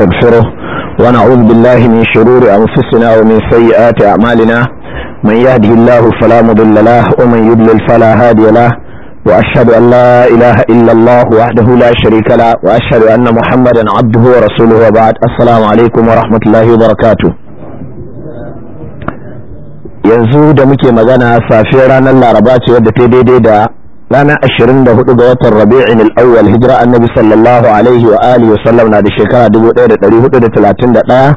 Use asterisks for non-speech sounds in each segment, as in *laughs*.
ونستغفره ونعوذ بالله من شرور أنفسنا ومن سيئات أعمالنا من يهده الله فلا مضل له ومن يضلل فلا هادي له وأشهد أن لا إله إلا الله وحده لا شريك له وأشهد أن محمدا عبده ورسوله وبعد السلام عليكم ورحمة الله وبركاته yanzu da muke magana safiyar ranar laraba ce wadda ta daidai da rana ashirin da hudu ga watan rabi'in al'awwal hijira annabi sallallahu alaihi wa alihi wa sallam na da shekara dubu ɗaya da ɗari hudu da talatin da ɗaya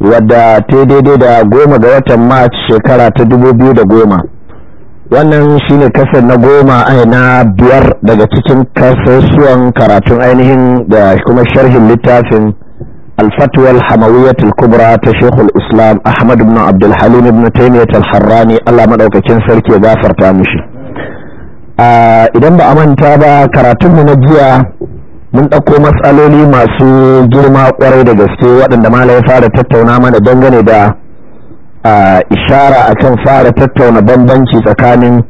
wadda ta daidai da goma ga watan march shekara ta dubu biyu da goma wannan shine kasar na goma ai na biyar daga cikin kasusuwan karatun ainihin da kuma sharhin littafin الفتوى الحموية الكبرى تشيخ الإسلام أحمد بن عبد الحليم بن تيمية الحراني الله مدعوك كنسر كي غافر تامشي idan ba a manta ba karatunmu na jiya mun ɗauko matsaloli masu girma kwarai da gaske waɗanda mala ya fara tattauna mana dangane da ishara kan fara tattauna bambanci tsakanin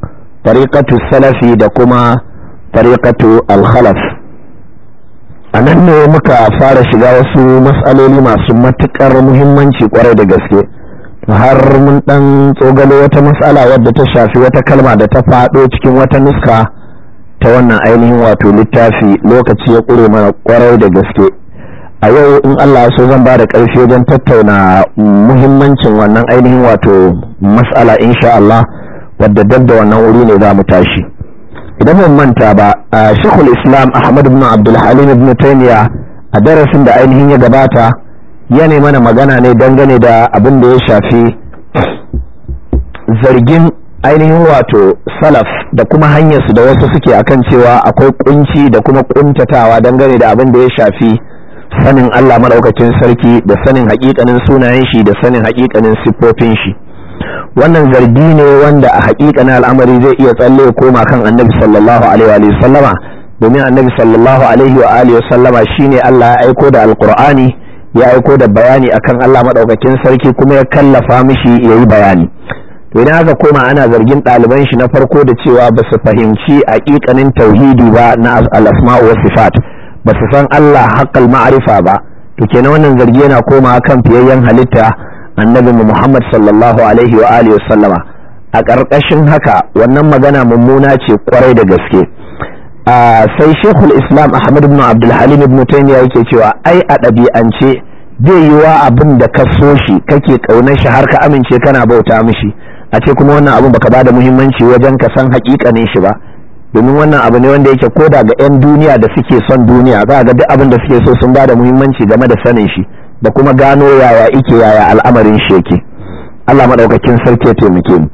tariƙatu salafi da kuma tariƙatu alhalaf a nan ne muka fara shiga wasu matsaloli masu matuƙar muhimmanci kwarai da gaske har mun dan tsogalo wata matsala wadda ta shafi wata kalma da ta faɗo cikin wata nuska ta wannan ainihin wato littafi lokaci ya ƙure mana ƙwarai da gaske a yau in Allah so zan ba da ƙarfi wajen tattauna muhimmancin wannan ainihin wato matsala insha Allah wadda dab wannan wuri ne za mu tashi idan mun manta ba a shekul islam ahmad ibn abdulhalim ibn taimiya a darasin da ainihin ya gabata yana mana magana ne dangane da abin da ya shafi zargin ainihin wato salaf da kuma hanyarsu da wasu suke akan cewa akwai kunci da kuma kuntatawa dangane da abin da ya shafi sanin Allah maɗaukacin sarki da sanin haƙiƙanin sunayen shi da sanin haƙiƙanin siffofin shi wannan zargi ne wanda a haƙiƙanin al'amari zai iya tsalle koma kan annabi sallallahu alaihi wa sallama domin annabi sallallahu alaihi wa alihi sallama shine Allah ya aiko da alqur'ani ya aiko da bayani akan Allah maɗaukakin sarki kuma ya kallafa mishi yayi bayani to idan aka koma ana zargin ɗaliban shi na farko da cewa ba su fahimci haƙiƙanin tauhidi ba na al-asma wa sifat ba su san Allah haqqal ma'rifa ba to kenan wannan zargi yana koma kan fiyayyen halitta annabi Muhammad sallallahu alaihi wa alihi a ƙarƙashin haka wannan magana mummuna ce kwarai da gaske sai shekul islam ahmad ibn abdulhalim ibn taymiya yake cewa ai a ɗabi'ance bai yiwa abin da ka so shi kake kaunar shi har ka amince kana bauta mishi a ce kuma wannan abin baka bada muhimmanci wajen ka san ne shi ba domin wannan abu ne wanda yake koda ga 'yan duniya da suke son duniya za ga duk abin da suke so sun bada muhimmanci game da sanin shi da kuma gano yaya ike yaya al'amarin shi yake Allah madaukakin sarki ya taimake mu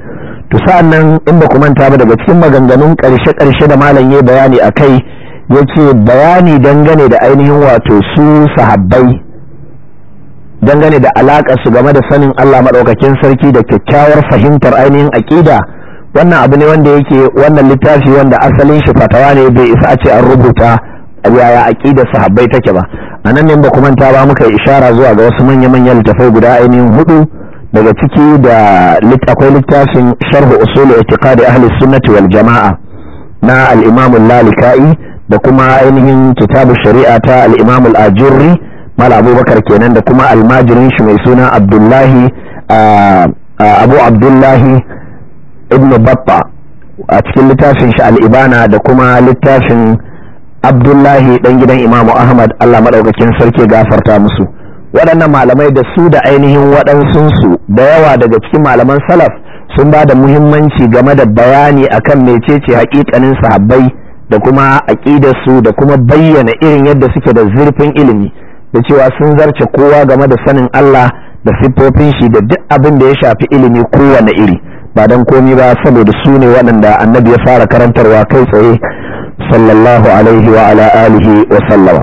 to sa'an nan in ba ku manta ba daga cikin maganganun karshe-karshe da malam ya bayani akai yace bayani dangane da ainihin wato su sahabbai dangane da alaƙar su game da sanin Allah maɗaukakin sarki da kyakkyawar fahimtar ainihin aƙida wannan abu ne wanda yake wannan littafi wanda asalin shi fatawa ne bai isa a ce an rubuta yaya aƙidar sahabbai take ba a nan ne ba kuma ta ba muka ishara zuwa ga wasu manya-manyan littafai guda ainihin hudu daga ciki da akwai littafin sharhu usul itikadi ahli sunnati wal jama'a na al-imam al-lalikai da kuma ainihin kitabu shari'a ta al-imam al-ajurri mala abubakar kenan da kuma almajirin shi mai suna abdullahi abu abdullahi ibn babba a cikin littafin shi al'ibana da kuma littafin abdullahi dan gidan imamu ahmad allah maɗaukakin sarki gafarta musu waɗannan malamai da su da ainihin waɗansunsu da yawa daga cikin malaman salaf sun ba da muhimmanci game da bayani akan mecece hakikanin sahabbai da kuma aƙidarsu da kuma bayyana irin yadda suke da zurfin ilimi da cewa sun zarce kowa game da sanin Allah da siffofin shi da duk abin da ya shafi ilimi kowane iri ba don komi ba saboda su ne waɗanda annabi ya fara karantarwa kai tsaye sallallahu alaihi wa ala alihi wa sallama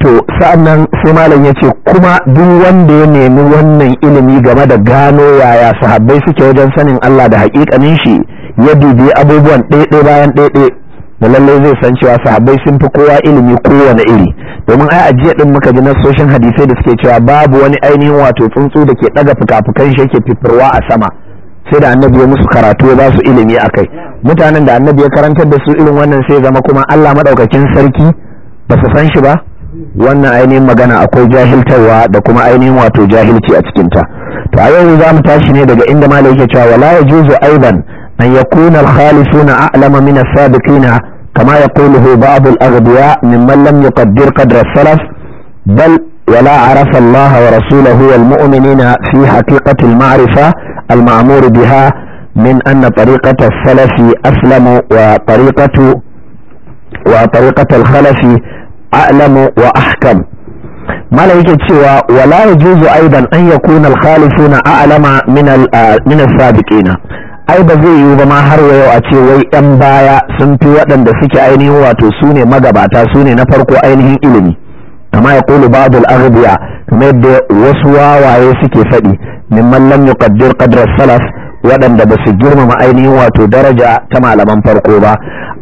to sa'annan sai malam ya ce kuma duk wanda ya nemi wannan ilimi game da gano yaya sahabbai suke wajen sanin Allah da haƙiƙanin shi ya dubi abubuwan ɗaiɗai bayan ɗaiɗai da lallai zai san cewa sahabbai sun fi kowa ilimi kowane iri domin ai ajiya din muka ji nasoshin hadisai da suke cewa babu wani ainihin wato tsuntsu da ke daga fukafukan shi yake fifirwa a sama sai da annabi ya musu karatu ya ba su ilimi akai mutanen da annabi ya karantar da su irin wannan sai zama kuma Allah madaukakin sarki ba su san shi ba wannan ainihin magana akwai jahiltarwa da kuma ainihin wato jahilci a cikinta to a yau za mu tashi ne daga inda malai yake cewa wala yajuzu aidan أن يكون الخالفون أعلم من السابقين كما يقوله بعض الأغبياء ممن لم يقدر قدر السلف بل ولا عرف الله ورسوله والمؤمنين في حقيقة المعرفة المعمور بها من أن طريقة السلف أسلم وطريقة وطريقة الخلف أعلم وأحكم ما يوجد سوى ولا يجوز أيضا أن يكون الخالفون أعلم من آه، من السابقين ai ba zai yiwu ba ma har yau a ce wai yan baya sun fi waɗanda suke ainihin wato su ne magabata su ne na farko ainihin ilimi kama ya kulu abul aghbiya kamar yadda wasu wawaye suke faɗi mallam ya yuqaddir qadra salaf waɗanda ba su girmama ainihin wato daraja ta malaman farko ba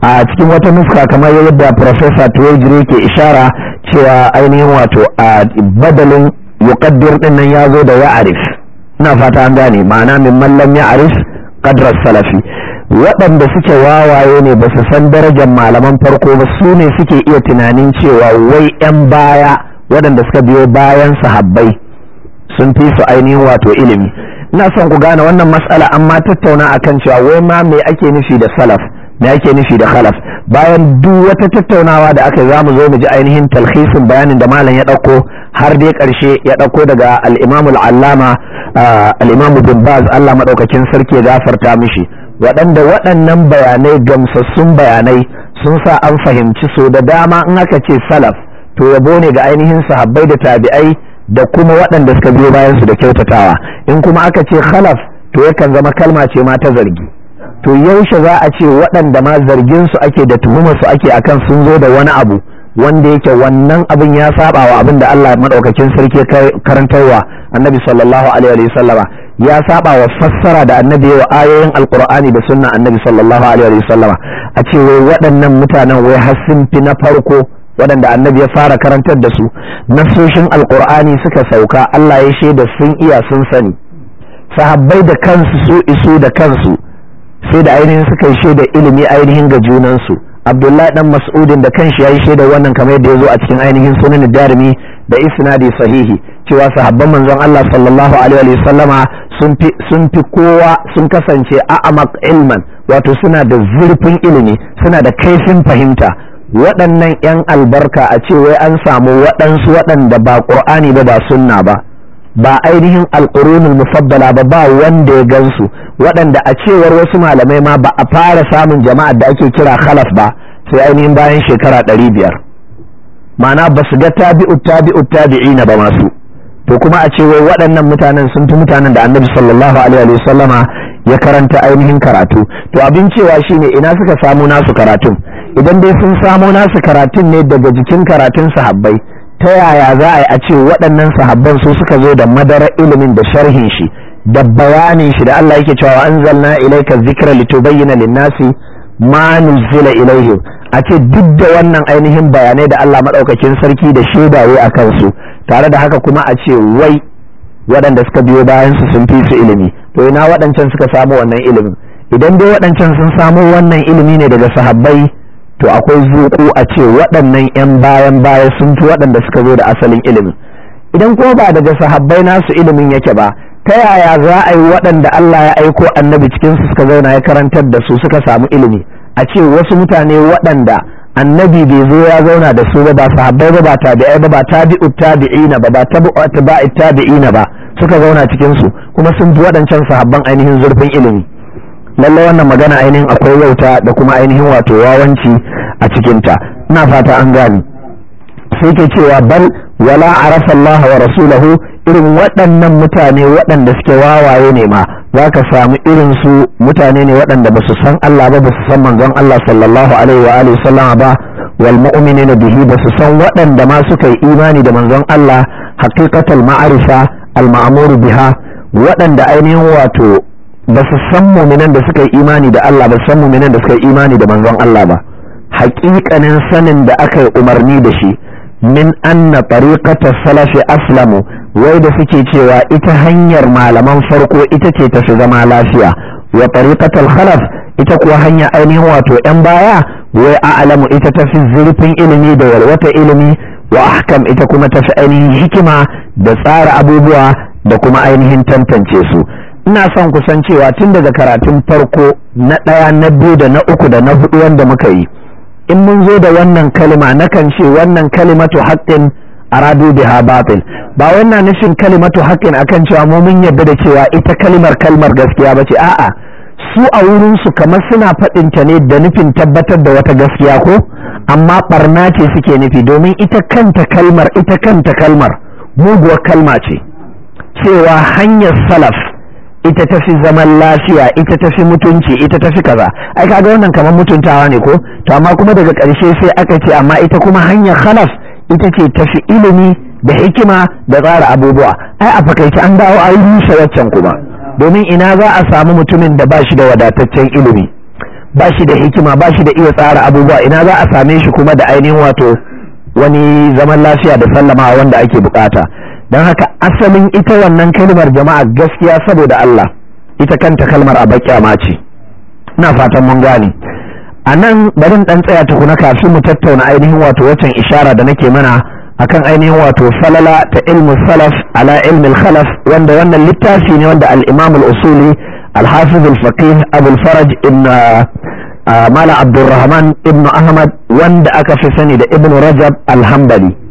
a cikin wata muska kamar yadda profesa tuwajiri ke ishara cewa ainihin wato a badalin yuqaddir ɗin nan ya zo da ya'arif ina fata an gane ma'ana mimman lam ya'arif qadra salafi waɗanda suke wawaye ne ba su san darajar malaman farko ba su ne suke iya tunanin cewa wai 'yan baya waɗanda suka biyo bayan sahabbai sun fi su ainihin wato ilimi ina son ku gane wannan mas'ala amma tattauna akan cewa wai ma me ake nufi da salaf me ake nufi da khalaf bayan duk wata tattaunawa da aka zamu zo mu ji ainihin talhisin bayanin da malam ya dauko har dai karshe ya dauko daga al-Imam al-Allama al-Imam Ibn Baz Allah madaukakin sarki ya gafarta mishi waɗanda waɗannan bayanai gamsassun bayanai sun sa an fahimci so da dama in aka ce salaf to yabo ne ga ainihin sahabbai da tabi'ai da kuma waɗanda suka biyo bayan su da kyautatawa in kuma aka ce khalaf to yakan zama kalma ce ma ta zargi to yaushe za a ce waɗanda ma zargin su ake da tuhumar su ake akan sun zo da wani abu wanda yake wannan abin ya saba wa abin da Allah madaukakin sarki karantarwa annabi sallallahu alaihi wa sallama ya saba wa fassara da annabi wa ayoyin alqur'ani da sunna annabi sallallahu alaihi wa sallama a ce wai waɗannan mutanen wai har sun fi na farko waɗanda annabi ya fara karantar da su nasoshin alqur'ani suka sauka Allah ya shaida sun iya sun sani sahabbai da kansu su isu da kansu sai da ainihin suka yi shaida ilimi ainihin ga junansu abdullahi dan mas'udin da kanshi ya yi shaida wannan kamar yadda ya zo a cikin ainihin sunan jarumi da isnadi sahihi cewa sahabban manzon Allah sallallahu alaihi wa sallama sun fi sun fi kowa sun kasance a'amaq ilman wato suna da zurfin ilimi suna da kaifin fahimta waɗannan 'yan albarka a ce wai an samu waɗansu waɗanda ba ƙur'ani ba ba sunna ba ba ainihin alƙurunul mufaddala ba ba wanda ya gansu waɗanda a cewar wasu malamai ma ba a fara samun jama'ar da ake kira khalaf ba sai ainihin bayan shekara ɗari biyar ma'ana ba su ga tabi'u tabi'u tabi'ina ba masu to kuma a ce wai waɗannan mutanen sun fi mutanen da annabi sallallahu alaihi wa sallama ya karanta ainihin karatu to abin cewa shine ina suka samu nasu karatun idan dai sun samo nasu karatun ne daga jikin karatun sahabbai ta yaya za a yi a ce waɗannan sahabban su suka zo da madarar ilimin da sharhin shi da bayanin shi da Allah yake cewa anzalna ilayka dhikra litubayyana lin-nasi ma nuzila ilaihim a ce duk da wannan ainihin bayanai da Allah madaukakin sarki da shaidawe a kansu tare da haka kuma a ce wai waɗanda suka biyo bayan su sun fi su ilimi to ina waɗancan suka samu wannan ilimin idan dai waɗancan sun samu wannan ilimi ne daga sahabbai to akwai zuku a ce waɗannan 'yan bayan baya sun fi waɗanda suka zo da asalin ilimin idan kuma ba daga sahabbai nasu ilimin yake ba ta yaya za a yi waɗanda Allah ya aiko annabi cikin su suka zauna ya karantar da su suka samu ilimi a ce wasu mutane waɗanda annabi bai zo ya zauna da su ba ba sahabbai ba ba tabi'ai ba ba tabi'u tabi'ina ba ba tabi'u tabi'ina ba suka zauna cikin su kuma sun fi waɗancan sahabban ainihin zurfin ilimi lallai wannan magana ainihin akwai yauta da kuma ainihin wato wawanci a cikinta ina fata an gane. sai ke cewa bal wala arafa Allah wa rasulahu irin waɗannan mutane waɗanda suke wawaye ne ma za ka samu irin su mutane ne waɗanda ba su san Allah ba ba su san manzon Allah sallallahu alaihi wa alihi sallama ba wal mu'minina bihi ba su san waɗanda ma suka yi imani da manzon Allah haqiqatul ma'arifa al biha waɗanda ainihin wato ba su san muminan da suka yi imani da Allah ba su san muminan da suka yi imani da manzon Allah ba haƙiƙanin sanin da aka yi umarni da shi min anna tariqata salafi aslamu wai da suke cewa ita hanyar malaman farko ita ce ta fi zama lafiya wa tariqatal khalaf ita kuwa hanya ainihin wato yan baya wai a'lamu ita ta fi zurfin ilimi da walwata ilimi wa ahkam ita kuma ta fi ainihin hikima da tsara abubuwa da kuma ainihin tantance su ina son kusan cewa tun daga karatun farko na ɗaya na biyu da na uku da na hudu wanda muka yi in mun zo da wannan kalima nakan ce wannan kalimatu haƙƙin aradu biha batil ba wannan nishin kalimatu haƙƙin akan cewa mu mun yarda da cewa ita kalimar kalmar gaskiya ba ce a'a su a wurinsu su kamar suna faɗin ta ne da nufin tabbatar da wata gaskiya ko amma barna ce suke nufi domin ita kanta kalmar ita kanta kalmar muguwar kalma ce cewa hanyar salaf ita tafi zaman lafiya ita tafi mutunci ita tafi kaza ai kaga wannan kamar mutuntawa ne ko to amma kuma daga karshe sai aka ce amma ita kuma hanyar khalaf ita ce tafi ilimi da hikima da tsara abubuwa ai a fakaice an dawo a rushe waccan kuma domin ina za a samu mutumin da ba da wadataccen ilimi ba da hikima bashi da iya tsara abubuwa ina za a same shi kuma da ainihin wato wani zaman lafiya da sallama wanda ake bukata don haka asalin ita wannan kalmar jama'a gaskiya saboda Allah ita kanta kalmar a baƙyama ce ina fatan mun gane a nan barin ɗan tsaya tukuna kafin mu tattauna ainihin wato waccan ishara da nake mana akan ainihin wato falala ta ilmu salaf ala ilmin khalaf wanda wannan littafi ne wanda al-imam al-usuli al-hafiz al-faqih abul faraj ibn uh, uh, mala abdurrahman ibn ahmad wanda aka fi sani da ibn rajab al-hanbali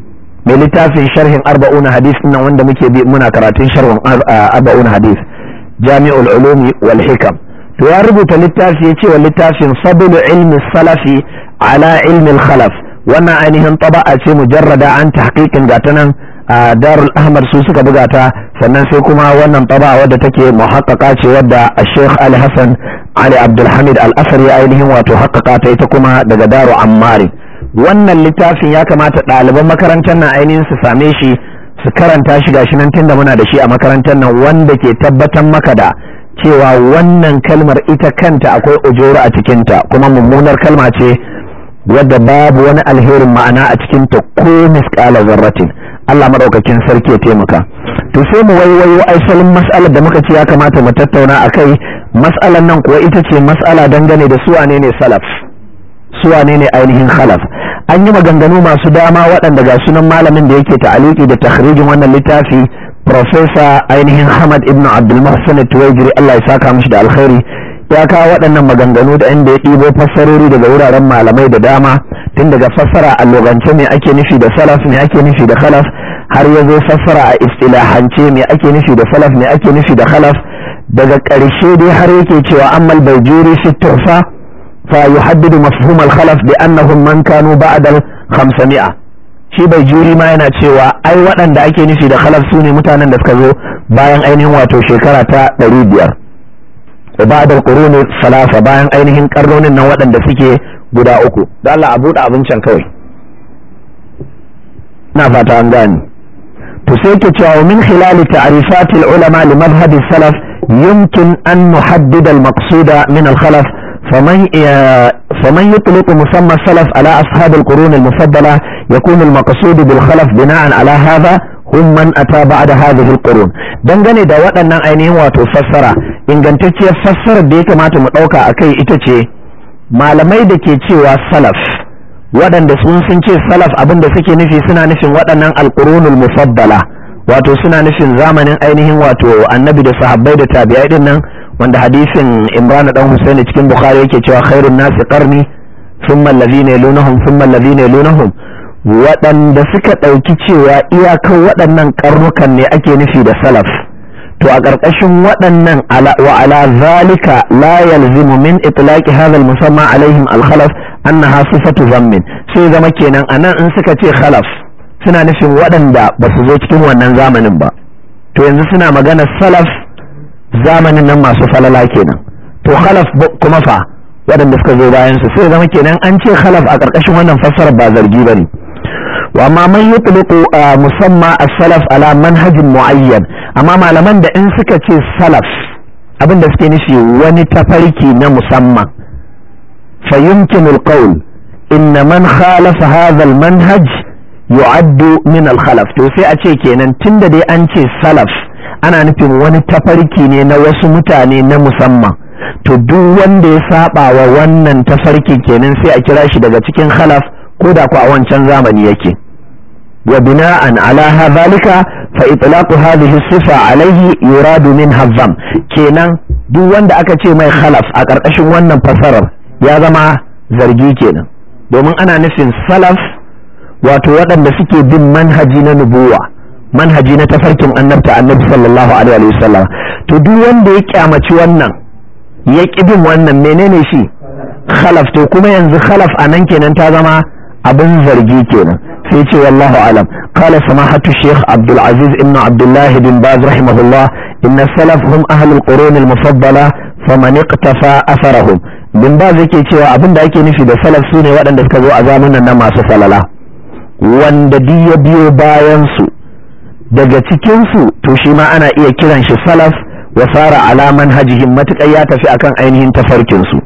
mai littafin sharhin arba'un hadis nan wanda muke bi muna karatun sharhin arba'un hadis jami'ul ulumi wal hikam to ya rubuta littafi ya ce wa littafin sabulu ilmi salafi ala ilmi khalaf wannan ainihin a ce mujarrada an tahqiqin gata nan a darul ahmad su suka buga ta sannan sai kuma wannan taba'a wadda take muhaqqaqa ce wadda al-sheikh ali hasan ali abdulhamid al-asri ainihin wato haqqaqa ta ita kuma daga daru ammari wannan littafin ya kamata ɗaliban makarantar nan ainihin su same shi su karanta shi gashi nan tunda muna da shi a makarantar nan wanda ke tabbatar maka da cewa wannan kalmar ita kanta akwai ujuru a cikinta kuma mummunar kalma ce wadda babu wani alherin ma'ana a cikinta ko misƙala zarratin Allah maɗaukakin sarki ya taimaka to sai mu waiwayo asalin mas'alar da muka ce ya kamata mu tattauna a kai mas'alar nan kuwa ita ce mas'ala dangane da su ne salaf su wane ne ainihin khalaf an yi maganganu masu dama waɗanda ga sunan malamin da yake ta'aliki da takhrijin wannan littafi profesa ainihin Hamad ibn Abdul Muhsin Tuwaijiri Allah ya saka mishi da alkhairi ya kawo waɗannan maganganu da inda ya ɗibo fassarori daga wuraren malamai da dama tun daga fassara a logance me ake nufi da salaf me ake nufi da khalaf har ya zo fassara a istilahance me ake nufi da salaf me ake nufi da khalaf daga ƙarshe dai har yake cewa ammal juri fi tuhfa فيحدد مفهوم الخلف بأنهم من كانوا بعد الخمسمائة shi bai juri ma yana cewa ai waɗanda ake nufi da khalaf su ne mutanen da suka zo bayan ainihin wato shekara ta ɗari biyar ibadar ƙuruni salasa bayan ainihin ƙarnonin nan waɗanda suke guda uku da Allah a buɗe abincin kawai na fata an gani to sai ke cewa min khilali ta'rifatil ulama li madhhabi salaf yumkin an nuhaddida al-maqsuda min al-khalaf فمن فمن يطلق مسمى السلف على أصحاب القرون المفضلة يكون المقصود بالخلف بناء على هذا هم من أتى بعد هذه القرون dangane da waɗannan ainihin wato fassara ingantacciyar fassarar da ya kamata mu ɗauka a kai ita ce malamai da ke cewa salaf waɗanda sun sun ce salaf abin da suke nufi suna nufin waɗannan alƙurunul mufaddala wato suna nufin zamanin ainihin wato annabi da sahabbai da tabi'ai din nan wanda hadisin imran dan husaini cikin bukhari yake cewa khairun nasi qarni thumma alladhina yalunhum thumma alladhina yalunhum waɗanda suka ɗauki cewa iyakan waɗannan karnukan ne ake nufi da salaf to a ƙarƙashin waɗannan wa ala zalika la yalzimu min itlaqi hadha al-musamma alaihim al-khalaf annaha sifatu zammin sai zama kenan anan in suka ce khalaf suna nufin waɗanda ba su zo cikin wannan zamanin ba to yanzu suna magana salaf zamanin nan masu falala kenan to khalaf kuma fa waɗanda suka zo bayan su sai zama kenan an ce khalaf a ƙarƙashin wannan fassarar ba zargi bane wa amma man yutliqu musamma as-salaf ala manhajin muayyan amma malaman da in suka ce salaf abin da suke nufi wani tafarki na musamman fa yumkinu al-qawl inna man khalafa hadha al-manhaj yu'addu min al-khalaf to sai a ce kenan tunda dai an ce salaf ana nufin wani tafarki ne na wasu mutane na musamman to duk wanda ya saba wa wannan tafarki kenan sai a kira shi daga cikin khalaf ko da ku a wancan zamani yake wa bina'an ala zalika fa itlaqu hadhihi sifa alayhi yuradu min hazzam kenan duk wanda aka ce mai khalaf a ƙarƙashin wannan fasarar ya zama zargi kenan domin ana nufin salaf wato waɗanda suke bin manhaji na nubuwa manhaji na tafarkin annabta annabi sallallahu alaihi wasallam to duk wanda ya kyamaci wannan ya bin wannan menene shi khalaf to kuma yanzu khalaf a nan kenan ta zama abin zargi kenan sai ce wallahu alam qala samahatu sheikh abdul aziz ibn abdullah bin baz rahimahullah inna salaf hum ahlul qurun al mufaddala faman iqtafa atharahum bin baz yake cewa abinda ake nufi da salaf sune waɗanda suka zo a zamanin nan masu falala wanda duk ya biyo bayan su daga cikinsu to shi ma ana iya kiran shi salaf wa fara alaman hajihin matuƙar ya tafi akan ainihin tafarkinsu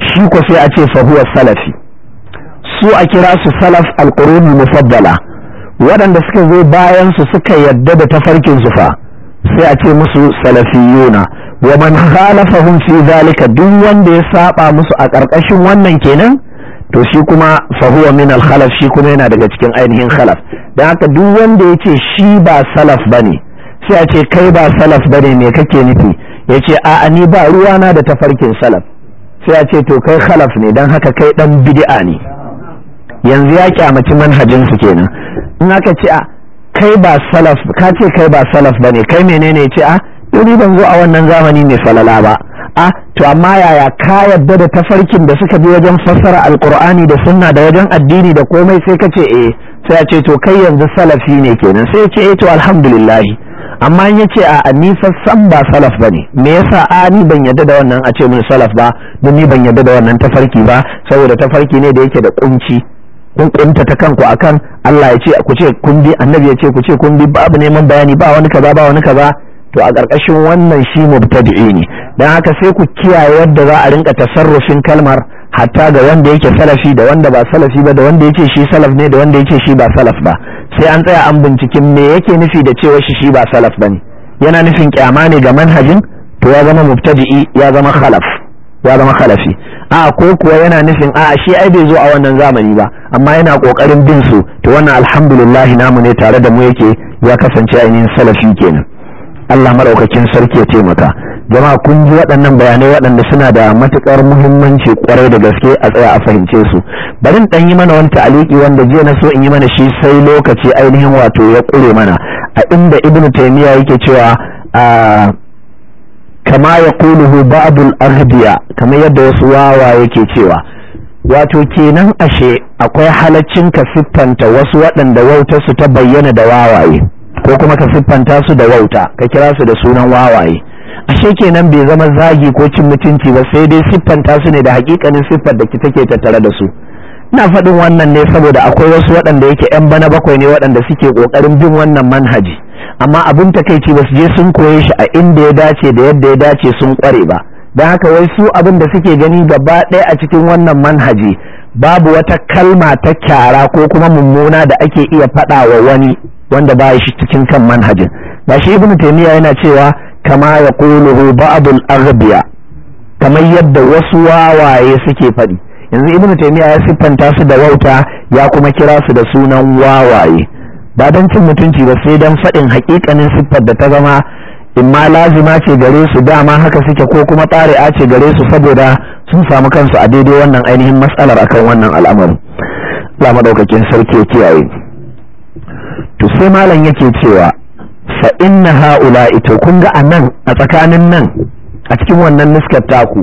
shi ko sai a ce fahuwa salafi su a kira su salaf alƙuruni mufaddala waɗanda suka zo bayan su suka yadda da tafarkinsu fa sai a ce musu salafiyuna wa man khalafahum fi zalika duk wanda ya saba musu a ƙarƙashin wannan kenan to shi kuma fahuwa min al-khalaf shi kuma yana daga cikin ainihin khalaf dan haka duk wanda yace shi ba salaf bane sai a ce kai ba salaf bane me kake nufi yace a ni ba ruwa na da tafarkin salaf sai a ce to kai khalaf ne dan haka kai dan bid'a ne yanzu ya kyamaci manhajin su kenan in aka ce a kai ba salaf ka ce kai ba salaf bane kai menene yace a ni ban zo a wannan zamani mai falala ba A'a to amma yaya ka yadda da tafarkin da suka bi wajen fassara alkur'ani da sunna da wajen addini da komai sai ka ce eh sai a ce to kai yanzu salafi ne kenan sai yace ce eh to alhamdulillah amma in yace a ni sassan ba salaf bane me yasa a ni ban yadda da wannan a ce mun salaf ba don ni ban yadda da wannan tafarki ba saboda tafarki ne da yake da kunci kun kunta ta kanku akan Allah ya ce ku ce kun bi annabi ya ce ku ce kun bi babu neman bayani ba wani kaza ba wani kaza to a ƙarƙashin wannan shi mubtadi'i ne dan haka sai ku kiyaye yadda za a rinka tasarrufin kalmar hatta ga wanda yake salafi da wanda ba salafi ba da wanda yake shi salaf ne da wanda yake shi ba salaf ba sai an tsaya an binciki me yake nufi da cewa shi shi ba salaf bane yana nufin kyama ne ga manhajin to ya zama mubtadi'i ya zama khalaf ya zama khalafi a ko kuwa yana nufin a shi ai bai zo a wannan zamani ba amma yana kokarin bin su to wannan alhamdulillah namu ne tare da mu yake ya kasance ainihin salafi kenan Allah maɗaukakin sarki ya taimaka jama'a kun ji waɗannan bayanai waɗanda suna da matuƙar muhimmanci ƙwarai da gaske a tsaya a fahimce su bari in ɗan yi mana wani ta'aliki wanda jiya na so in yi mana shi sai lokaci ainihin wato ya ƙure mana a inda ibnu taymiya yake cewa a kama ya kuluhu ba'dul aghdiya kamar yadda wasu wawa yake cewa wato kenan ashe akwai halaccin ka siffanta wasu waɗanda wautar su ta bayyana da wawaye ko kuma ka siffanta su da wauta ka kira su da sunan wawaye ashe kenan bai zama zagi ko cin mutunci ba sai dai siffanta su ne da hakikanin siffar da take tattare da su ina faɗin wannan ne saboda akwai wasu waɗanda yake 'yan bana bakwai ne waɗanda suke ƙoƙarin bin wannan manhaji amma abin takaici ba su je sun koye shi a inda ya dace da yadda ya dace sun ƙware ba don haka wai su abin da suke gani gaba ɗaya a cikin wannan manhaji babu wata kalma ta kyara ko kuma mummuna da ake iya faɗa wa wani wanda ba shi cikin kan manhajin ba shi Ibn taymiya yana cewa kama ya quluhu ba'd al kamar yadda wasu wawaye suke faɗi yanzu Ibn taymiya ya siffanta su da wauta ya kuma kira su da sunan wawaye ba don cin mutunci ba sai dan faɗin hakikanin siffar da ta zama imma lazima ce gare su dama haka suke ko kuma a ce gare su saboda sun samu kansu a daidai wannan ainihin matsalar akan wannan al'amari. Allah madaukakin sarki ya kiyaye. to sai malam yake cewa fa inna haula ito kun ga anan a tsakanin nan a cikin wannan nuskar taku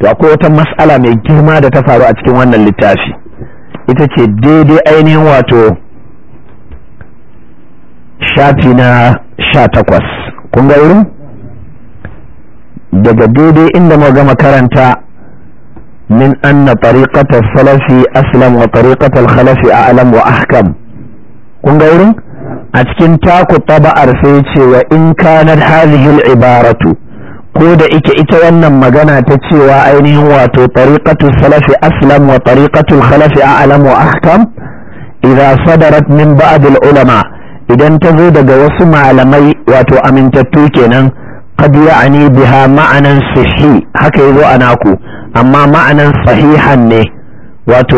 to akwai wata mas'ala mai girma da ta faru a cikin wannan littafi ita ce daidai ainihin wato shafi na sha takwas kun ga wurin daga daidai inda muka gama karanta من أن طريقة السلف أسلم وطريقة الخلف أعلم وأحكم kun ga wurin a cikin taku taba'ar sai cewa in kanar hazihil ibaratu ko da ike ike wannan magana ta cewa ainihin wato tariqatu salafi aslam wa tariqatu khalafi a'lam wa ahkam idza sadarat min ba'd ulama idan ta zo daga wasu malamai wato amintattu kenan قد يعني بها معنى صحي هكا يزو أناكو أما معنى صحيحا ne wato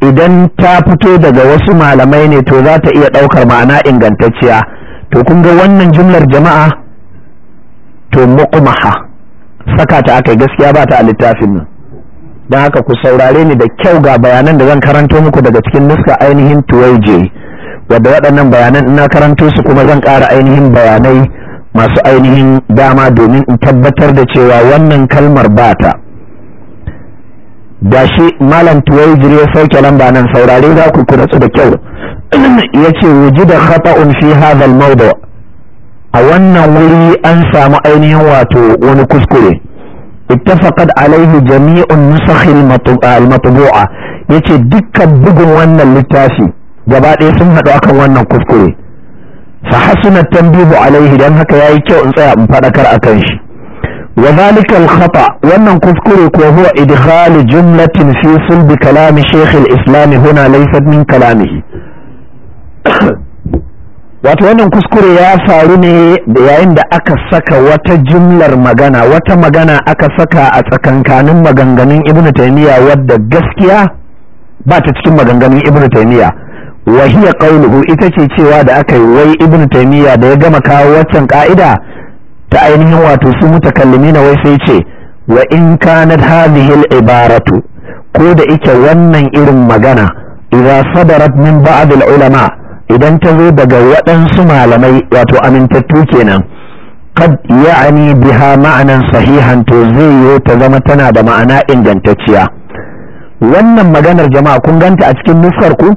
idan ta fito daga wasu malamai ne to za ta iya ɗaukar ma'ana ingantacciya to kun ga wannan jumlar jama'a to muqmaha saka ta aka gaskiya ba ta a littafin nan don haka ku saurare ni da kyau ga bayanan da zan karanto muku daga cikin nuska ainihin tuwaije wadda waɗannan bayanan ina karanto su kuma zan ƙara ainihin bayanai masu ainihin dama domin in tabbatar da cewa wannan kalmar bata da shi malam tuwaijir ya sauke lamba nan saurare za ku kuratsu da kyau *clears throat* ya ce da khata'un fi hadha maudu a wannan wuri an samu ainihin wato wani kuskure ittafaqat alaihi jami'un nusakh al-matbu'a yace dukkan bugun wannan littafi gaba ɗaya sun haɗu akan wannan kuskure fa hasuna tanbihu alaihi dan haka yayi kyau in tsaya in fadakar akan shi wa zalika al wannan kuskure ko huwa idkhal jumlatin fi sulb kalam shaykh al-islam huna laysa min kalamihi wato wannan kuskure ya faru ne da yayin da aka saka wata jumlar magana wata magana aka saka a tsakankanin maganganun ibnu taymiya wadda gaskiya ba ta cikin maganganun ibnu taymiya wa hiya qawluhu ita ce cewa da aka yi wai ibn taymiya da ya gama kawo waccan ka'ida ta ainihin wato su mutakallimina wai sai ce wa in kanat hadhihi al-ibaratu ko da ike wannan irin magana idza sadarat min ba'd al-ulama idan ta zo daga waɗansu malamai wato amintattu kenan qad ya'ni biha ma'anan sahihan to zai yi ta zama tana da ma'ana ingantacciya wannan maganar jama'a kun ganta a cikin nuskar ku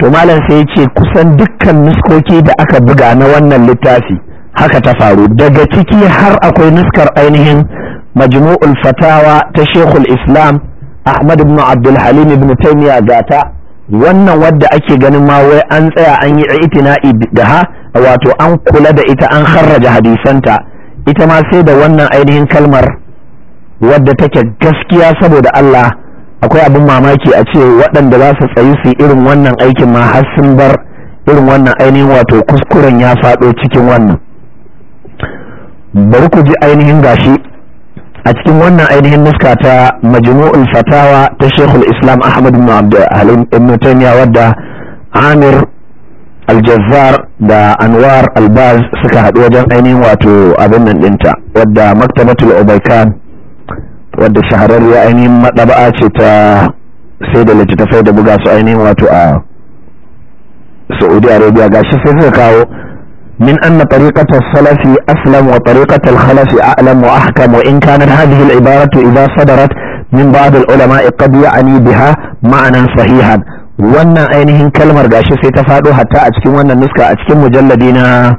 to malam sai ya ce kusan dukkan nuskoki da aka buga na wannan littafi haka ta faru daga ciki har akwai nuskar ainihin majmu'ul fatawa ta shekul islam ahmad ibn abdul halim ibn taymiya gata wannan wadda ake ganin ma wai an tsaya an yi itina'i da ha wato an kula da ita an kharraje hadisanta ita ma sai da wannan ainihin kalmar wadda take gaskiya saboda Allah akwai abin mamaki a ce waɗanda za su tsayi su irin wannan aikin ma har sun bar irin wannan ainihin wato kuskuren ya faɗo cikin wannan bari ku ji ainihin gashi a cikin wannan ainihin nuska ta majmu'ul fatawa ta shekul islam ahmad ibn abdulhalim ibn taymiya wadda amir aljazzar da anwar albaz suka haɗu wajen ainihin wato abin nan ɗinta wadda maktabatul obaikan wadda shahararriya ainihin maɗaba'a ce ta sai da littattafai da buga su ainihin wato a saudi arabia gashi sai suka kawo من أن طريقة السلف أسلم wa الخلف أعلم وأحكم وإن كانت هذه العبارة إذا صدرت من بعض ulama قد يعني biha معنى sahihan. wannan ainihin kalmar gashi sai ta faɗo hatta a cikin wannan nuska a cikin mujalladi na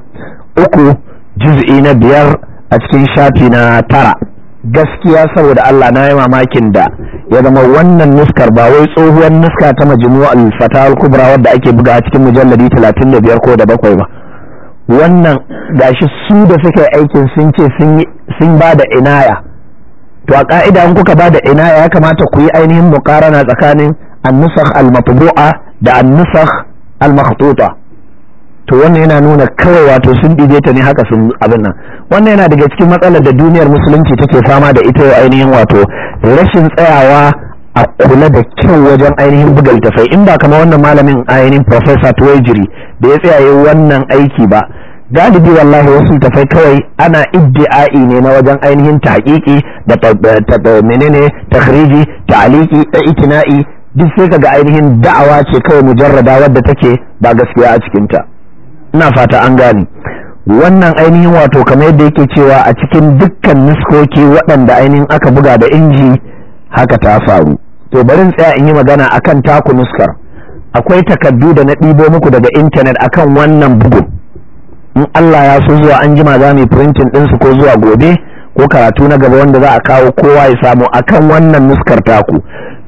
uku juz'i na biyar a cikin shafi na tara gaskiya saboda Allah na yi mamakin da ya zama wannan nuskar ba wai tsohuwar nuska ta majmu al-fatah wadda ake buga a cikin mujalladi 35 ko da bakwai ba wannan gashi su da suka aikin sun ce sun ba da inaya to a ka'ida in kuka ba da inaya ya kamata ku yi ainihin muqarana tsakanin annusar nusakh al-matbu'a da an-nusakh al-makhtuta to wannan yana nuna kawai wato sun ɗibe ta ne haka sun abin nan wannan yana daga cikin matsalar da duniyar musulunci take fama da ita yau ainihin wato rashin tsayawa a kula da kyau wajen ainihin buga littafai in ba kama wannan malamin ainihin professor tuwajiri da ya tsaya wannan aiki ba galibi wallahi wasu tafai kawai ana iddi'ai ne na wajen ainihin taƙiƙi da menene takhriji ta'aliki da itina'i duk sai kaga ainihin da'awa ce kawai mujarrada wadda take ba gaskiya a cikin ta. ina fata an gane wannan ainihin wato kamar yadda yake cewa a cikin dukkan nuskoki waɗanda ainihin aka buga da inji haka ta faru to barin tsaya in yi magana akan taku nuskar akwai takaddu da na ɗibo muku daga intanet akan wannan bugun in Allah ya so zuwa an jima za mu yi printing ɗinsu ko zuwa gobe ko karatu na gaba wanda za a kawo kowa ya samu akan wannan nuskar taku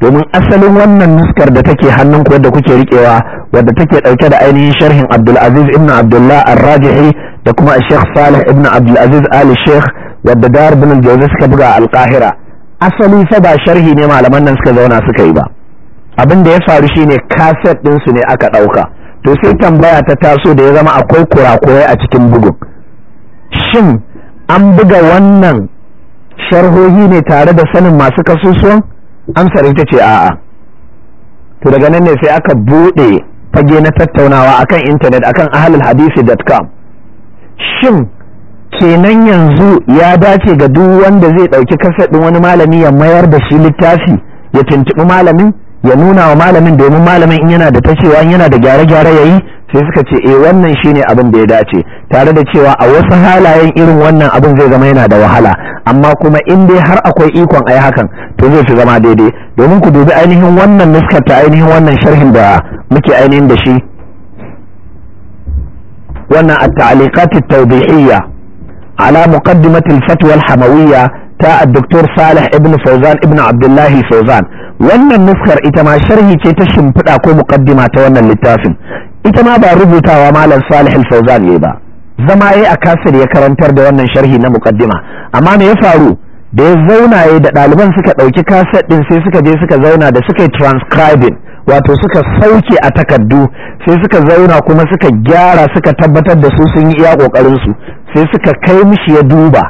domin asalin wannan nuskar da take hannun ku wadda kuke rikewa wadda take ɗauke da ainihin sharhin Abdul Aziz ibn Abdullah Ar-Rajihi da kuma Sheikh Salih ibn Abdul Aziz Ali Sheikh wadda Dar bin Jawzi suka buga Al-Qahira asali fa ba sharhi ne malaman nan suka zauna suka yi ba abin da ya faru shine kaset din su ne aka ɗauka to sai tambaya ta taso da ya zama akwai kurakurai a cikin bugun shin an buga wannan sharhohi ne tare da sanin masu kasusuwan amsar ita ce a'a to daga nan ne sai aka buɗe fage na tattaunawa akan intanet akan ahalalhadisi.com shin kenan yanzu ya dace ga duk wanda zai ɗauki kasadin wani malami ya mayar da shi littafi ya tuntuɓi malamin ya nuna wa malamin domin malamin in yana da ta cewa in yana da gyare-gyare ya yi sai suka ce eh wannan shine abin da ya dace tare da cewa a wasu halayen irin wannan abin zai zama yana da wahala amma kuma in dai har akwai ikon ai hakan to zai fi zama daidai domin ku dubi ainihin wannan nuskar ta ainihin wannan sharhin da muke ainihin da shi wannan at-ta'liqat at-tawdihiyya ala muqaddimat al-fatwa al-hamawiyya ta الدكتور صالح salih ibn ابن ibn الله الفوزان wannan nuskar ita ma sharhi ce ta shimfiɗa ko muqaddima ta wannan littafin ita ma ba rubutawa malam salih al-fawzan ne ba zama yayi a kasir ya karantar da wannan sharhi na muqaddima amma me ya faru da ya zauna yayi da ɗaliban suka ɗauki kaset ɗin sai suka je suka zauna da suka yi transcribing wato suka sauke a takardu sai suka zauna kuma suka gyara suka tabbatar da su sun yi iya ƙoƙarinsu sai suka kai mishi ya duba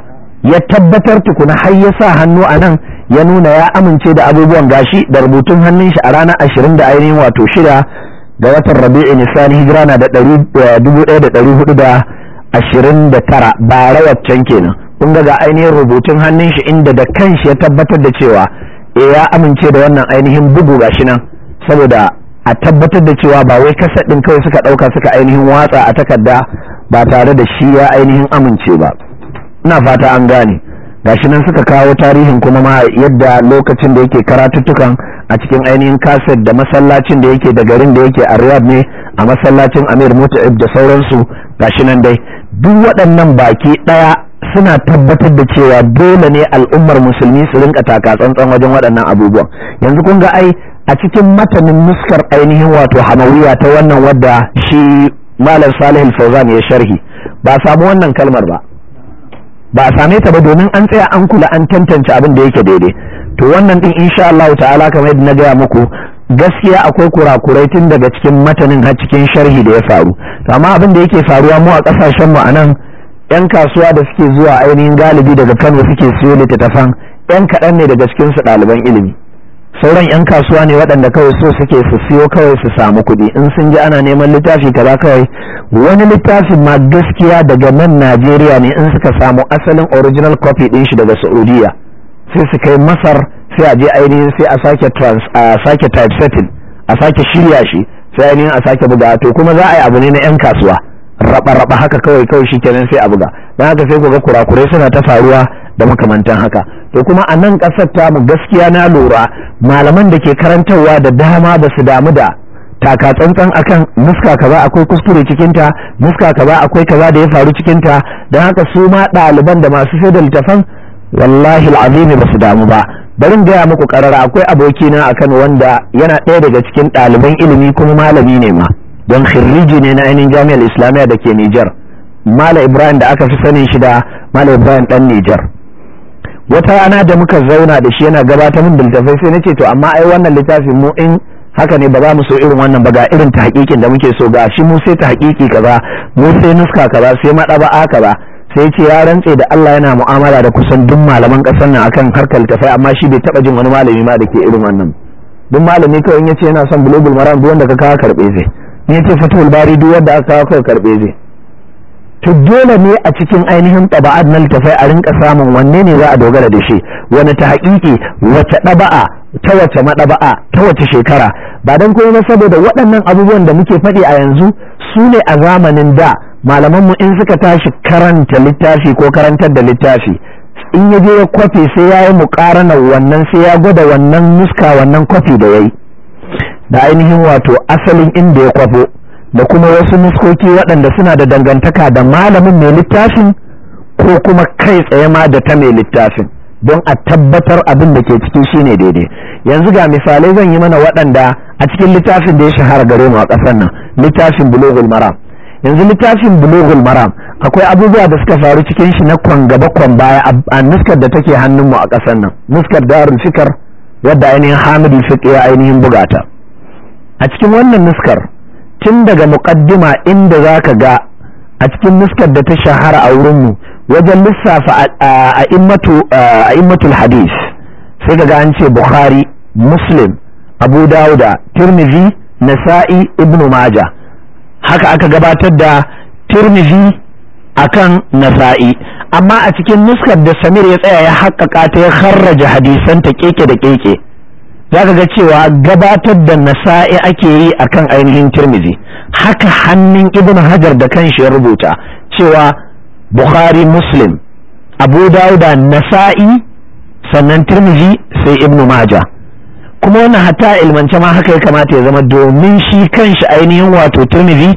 ya tabbatar tukuna har ya sa hannu a nan ya nuna ya amince da abubuwan gashi da rubutun hannun shi a ranar ashirin da ainihin wato shida ga watan rabi'i nisani hijira na da eh, dubu ɗaya da ɗari hudu da ashirin da tara bara waccan kenan kun ga ga ainihin rubutun hannun shi inda da kanshi ya tabbatar da cewa e ya amince da wannan ainihin bugu gashi nan saboda a tabbatar da cewa ba wai kasa ɗin kawai suka ɗauka suka ainihin watsa a takarda ba tare da shi ya ainihin amince ba ina fata an gane gashi nan suka kawo tarihin kuma ma yadda lokacin da yake karatuttukan a cikin ainihin kaset da masallacin da yake da garin da yake a riyadh ne a masallacin amir muta'ib da sauransu gashi nan dai duk waɗannan baki ɗaya suna tabbatar da cewa dole ne al'ummar musulmi su rinka taka tsantsan wajen waɗannan abubuwan yanzu kun ga ai a cikin matanin muskar ainihin wato hamawiya ta wannan wadda shi malam salih fauzan ya sharhi ba samu wannan kalmar ba ba a same ta ba domin an tsaya an kula an tantance abin da yake daidai to wannan din insha Allah ta'ala kamar yadda na gaya muku gaskiya akwai kurakurai tun daga cikin matanin har cikin sharhi da ya faru to amma abin da yake faruwa mu a kasashen mu anan yan kasuwa da suke zuwa ainihin galibi daga Kano suke siyo littattafan yan kaɗan ne daga cikin su ɗaliban ilimi sauran yan kasuwa ne waɗanda kawai so suke su siyo kawai su samu kuɗi in sun ji ana neman littafi kaza kawai wani littafi ma gaskiya daga nan Najeriya ne in suka samu asalin original copy ɗin shi daga Saudiya sai su kai Masar sai a je ainihin sai a sake trans a sake typesetting a sake shirya shi sai ainihin a sake buga to kuma za a yi abu ne na yan kasuwa raba raba haka kawai kawai kenan sai a buga don haka sai ku ga kurakurai suna ta faruwa da makamantan haka to kuma a nan ƙasar tamu gaskiya na lura malaman da ke karantarwa da dama ba su damu da taka tsantsan akan muska kaza akwai kuskure cikinta muska kaza akwai kaza da ya faru cikinta don haka su ma ɗaliban da masu sai da littafan wallahi al'azim ba su damu ba barin gaya muku karara akwai abokina a kano wanda yana ɗaya daga cikin ɗaliban ilimi kuma malami ne ma don khirriji ne na ainihin jami'ar islamiyya da ke nijar mala ibrahim da aka fi sanin shi da mala ibrahim ɗan nijar wata rana da muka zauna da shi yana gabata min da littafai sai nace to amma ai wannan littafin mu in haka ne ba za mu so irin wannan ba ga irin ta hakikin da muke so ga shi mu sai ta hakiki kaza mu sai nuska kaza sai madaba kaza sai ce ya rantse da Allah yana mu'amala da kusan duk malaman kasar nan akan harkar littafai amma shi bai taba jin wani malami ma da ke irin wannan duk malami kawai in yace yana son bulugul maram duk wanda ka kawo karbe zai ne yace fatul bari duk wanda aka kawo karbe zai to dole ne a cikin ainihin ɗaba'ar na littafai a rinka samun wanne ne za a dogara da shi wani ta haƙiƙi wace ɗaba'a ta wace maɗaba'a ta wace shekara ba don kuma saboda waɗannan abubuwan da muke faɗi a yanzu su ne a zamanin da malamanmu in suka tashi karanta littafi ko karantar da littafi in ya je ya kwafi sai ya yi muƙaranar wannan sai ya gwada wannan nuska wannan kwafi da ya yi da ainihin wato asalin inda ya kwafo da kuma wasu muskoki waɗanda suna da dangantaka da malamin mai littafin ko kuma kai tsaye ma da ta mai littafin don a tabbatar abin da ke cikin shi ne daidai yanzu ga misalai zan yi mana waɗanda a cikin littafin da ya shahara gare mu a ƙasar nan littafin bulogul maram yanzu littafin bulogul maram akwai abubuwa da suka faru cikin shi na kwan gaba kwan baya a nuskar da take hannunmu a ƙasar nan nuskar darul fikar wadda ainihin hamidu fiƙe ainihin bugata a cikin wannan nuskar tun daga muqaddima inda zaka ga a cikin muskar da ta shahara a wurinmu wajen lissafa a immatul hadis sai ga an ce bukhari muslim abu dauda tirmizi nasa'i ibn maja haka aka gabatar da tirmizi akan nasa'i amma a cikin muskar da samir ya tsaya ya haƙaƙa ta ya kharraja hadisan ta keke da keke za ka ga cewa gabatar da nasa'i ake yi a kan ainihin tirmizi haka hannun ibn hajar da kanshi ya rubuta cewa bukhari muslim abu dauda nasa'i sannan tirmizi sai ibn maja kuma wani hata ilmance ma haka ya kamata ya zama domin shi kanshi ainihin wato tirmizi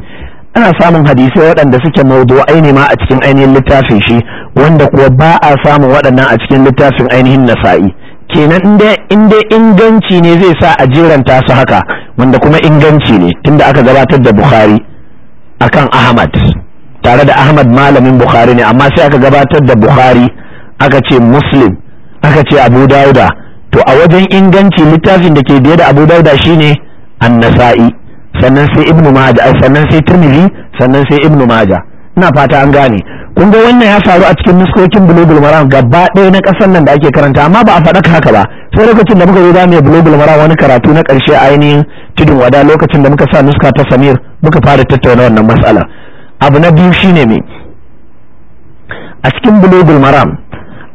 ana samun hadisai waɗanda suke mawdu'ai ne ma a cikin ainihin littafin shi wanda kuwa ba a samun waɗannan a cikin littafin ainihin nasa'i kenan inda inda inganci ne zai sa a jiranta su haka wanda kuma inganci ne tunda aka gabatar da bukhari akan ahmad tare da ahmad malamin bukhari ne amma sai aka gabatar da bukhari aka ce muslim aka ce abu dauda to a wajen inganci littafin da ke biye da abu dauda shine annasa'i sannan sai ibnu maja sannan sai tirmidhi sannan sai ibnu maja ina fata an gane kun ga wannan ya faru a cikin nuskokin bulogul maram gaba ɗaya na ƙasar nan da ake karanta amma ba a faɗa haka ba sai lokacin da muka zo zamu yi bulogul maram wani karatu na ƙarshe a ainihin tudun wada lokacin da muka sa nuska ta samir muka fara tattauna wannan matsala abu na biyu shine me a cikin bulogul maram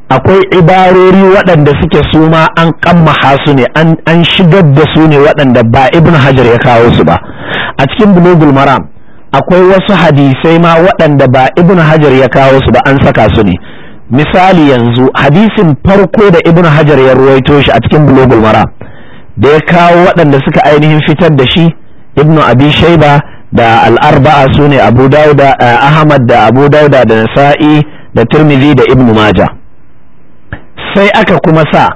akwai ibarori waɗanda suke suma an kamma su ne an shigar da su ne waɗanda ba ibn hajar ya kawo su ba a cikin bulogul maram akwai wasu hadisai ma waɗanda ba ibn hajar ya kawo su ba an saka su ne misali yanzu hadisin farko da ibn hajar ya ruwaito shi a cikin bulogul mara da ya kawo waɗanda suka ainihin fitar da shi ibn abi shaiba da al'arba'a su ne abu dauda eh, ahmad da abu dauda da nasa'i da turmizi da ibn maja sai aka kuma sa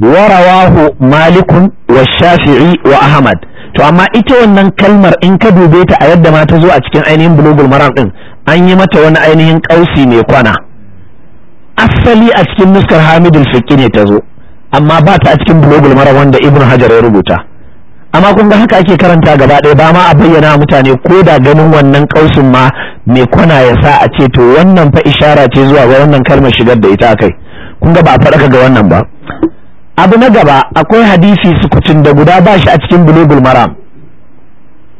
warawahu malikun wa shafi'i wa ahmad to amma ita wannan kalmar in ka dube ta a yadda ma ta zo a cikin ainihin bulugul maram din an yi mata wani ainihin kausi mai kwana asali a cikin nuskar hamidul fiqi ne ta zo amma ba ta a cikin bulugul maram wanda ibn hajar ya rubuta amma kun ga haka ake karanta gaba ɗaya ba ma a bayyana mutane ko da ganin wannan kausin ma mai kwana ya sa a ce to wannan fa ishara ce zuwa ga wannan kalmar shigar da ita akai kun ga ba a faɗaka ga wannan ba abu na gaba akwai hadisi sukucin da guda ba shi a cikin bulugul maram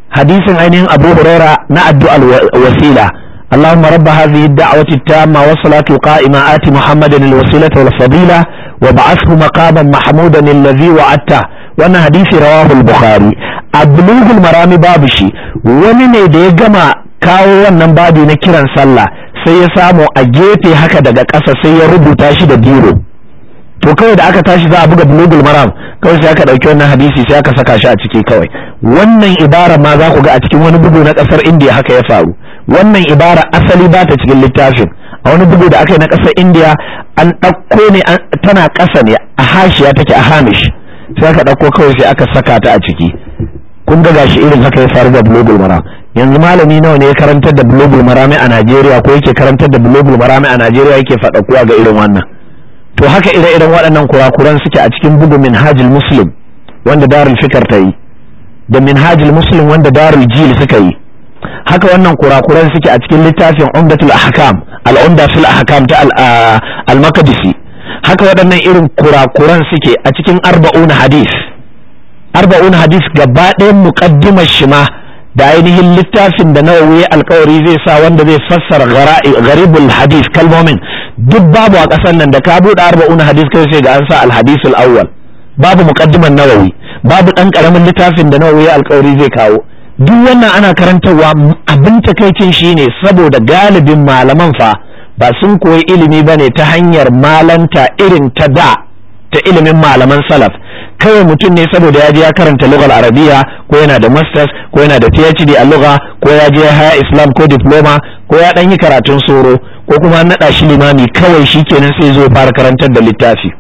hadisin ainihin abu huraira na addu'al wasila اللهم رب هذه الدعوة التامة والصلاة القائمة آت محمدا الوسيلة والفضيلة وابعثه مقاما محمودا الذي وعدته وانا حديث رواه البخاري أبلوغ المرام بابشي ولن ديجما kawo wannan babi na kiran sallah sai ya samu a gefe haka daga ƙasa sai ya rubuta shi da biro to kawai da aka tashi za a buga bulogul maram kawai sai aka ɗauki wannan hadisi sai aka saka shi a ciki kawai wannan ibara ma za ku ga a cikin wani bugu na ƙasar indiya haka ya faru wannan ibara asali ba ta cikin littafin a wani bugu da aka yi na ƙasar indiya an ɗauko ne tana ƙasa ne a hashiya take a hamish sai aka ɗauko kawai sai aka saka ta a ciki kun ga gashi irin haka ya faru da bulogul maram yanzu malami nawa ne ya karantar da bulogul marami a najeriya ko yake karantar da bulogul marami a najeriya yake faɗa kuwa ga irin wannan to haka ire-iren waɗannan kurakuran suke a cikin bugu minhajil muslim wanda darul fikar ta yi da minhajil muslim wanda darul jil suka yi haka wannan kurakuran suke a cikin littafin umdatul ahkam al-umda fil ahkam ta al makadisi haka waɗannan irin kurakuran suke a cikin arba'un hadis arba'un hadis gaba ɗayan muqaddimar shi ma da ainihin littafin da nawawi alkawari zai sa wanda zai fassara garibul hadis kalmomin duk babu a ƙasar nan da ka buɗe arba'un hadis kai sai ga an sa alhadisul awwal babu muqaddiman nawawi babu ɗan ƙaramin littafin da nawawi alkawari zai kawo duk wannan ana karantarwa abin takaicin shine saboda galibin malaman fa ba sun koyi ilimi bane ta hanyar malanta irin ta da ta ilimin malaman salaf kawai mutum ne saboda ya je ya karanta lugal arabiya ko yana da masters ko yana da phd a luga ko ya je haya islam ko diploma ko ya dan yi karatun soro ko kuma naɗa shi limami kawai shi kenan sai zo fara karantar da littafi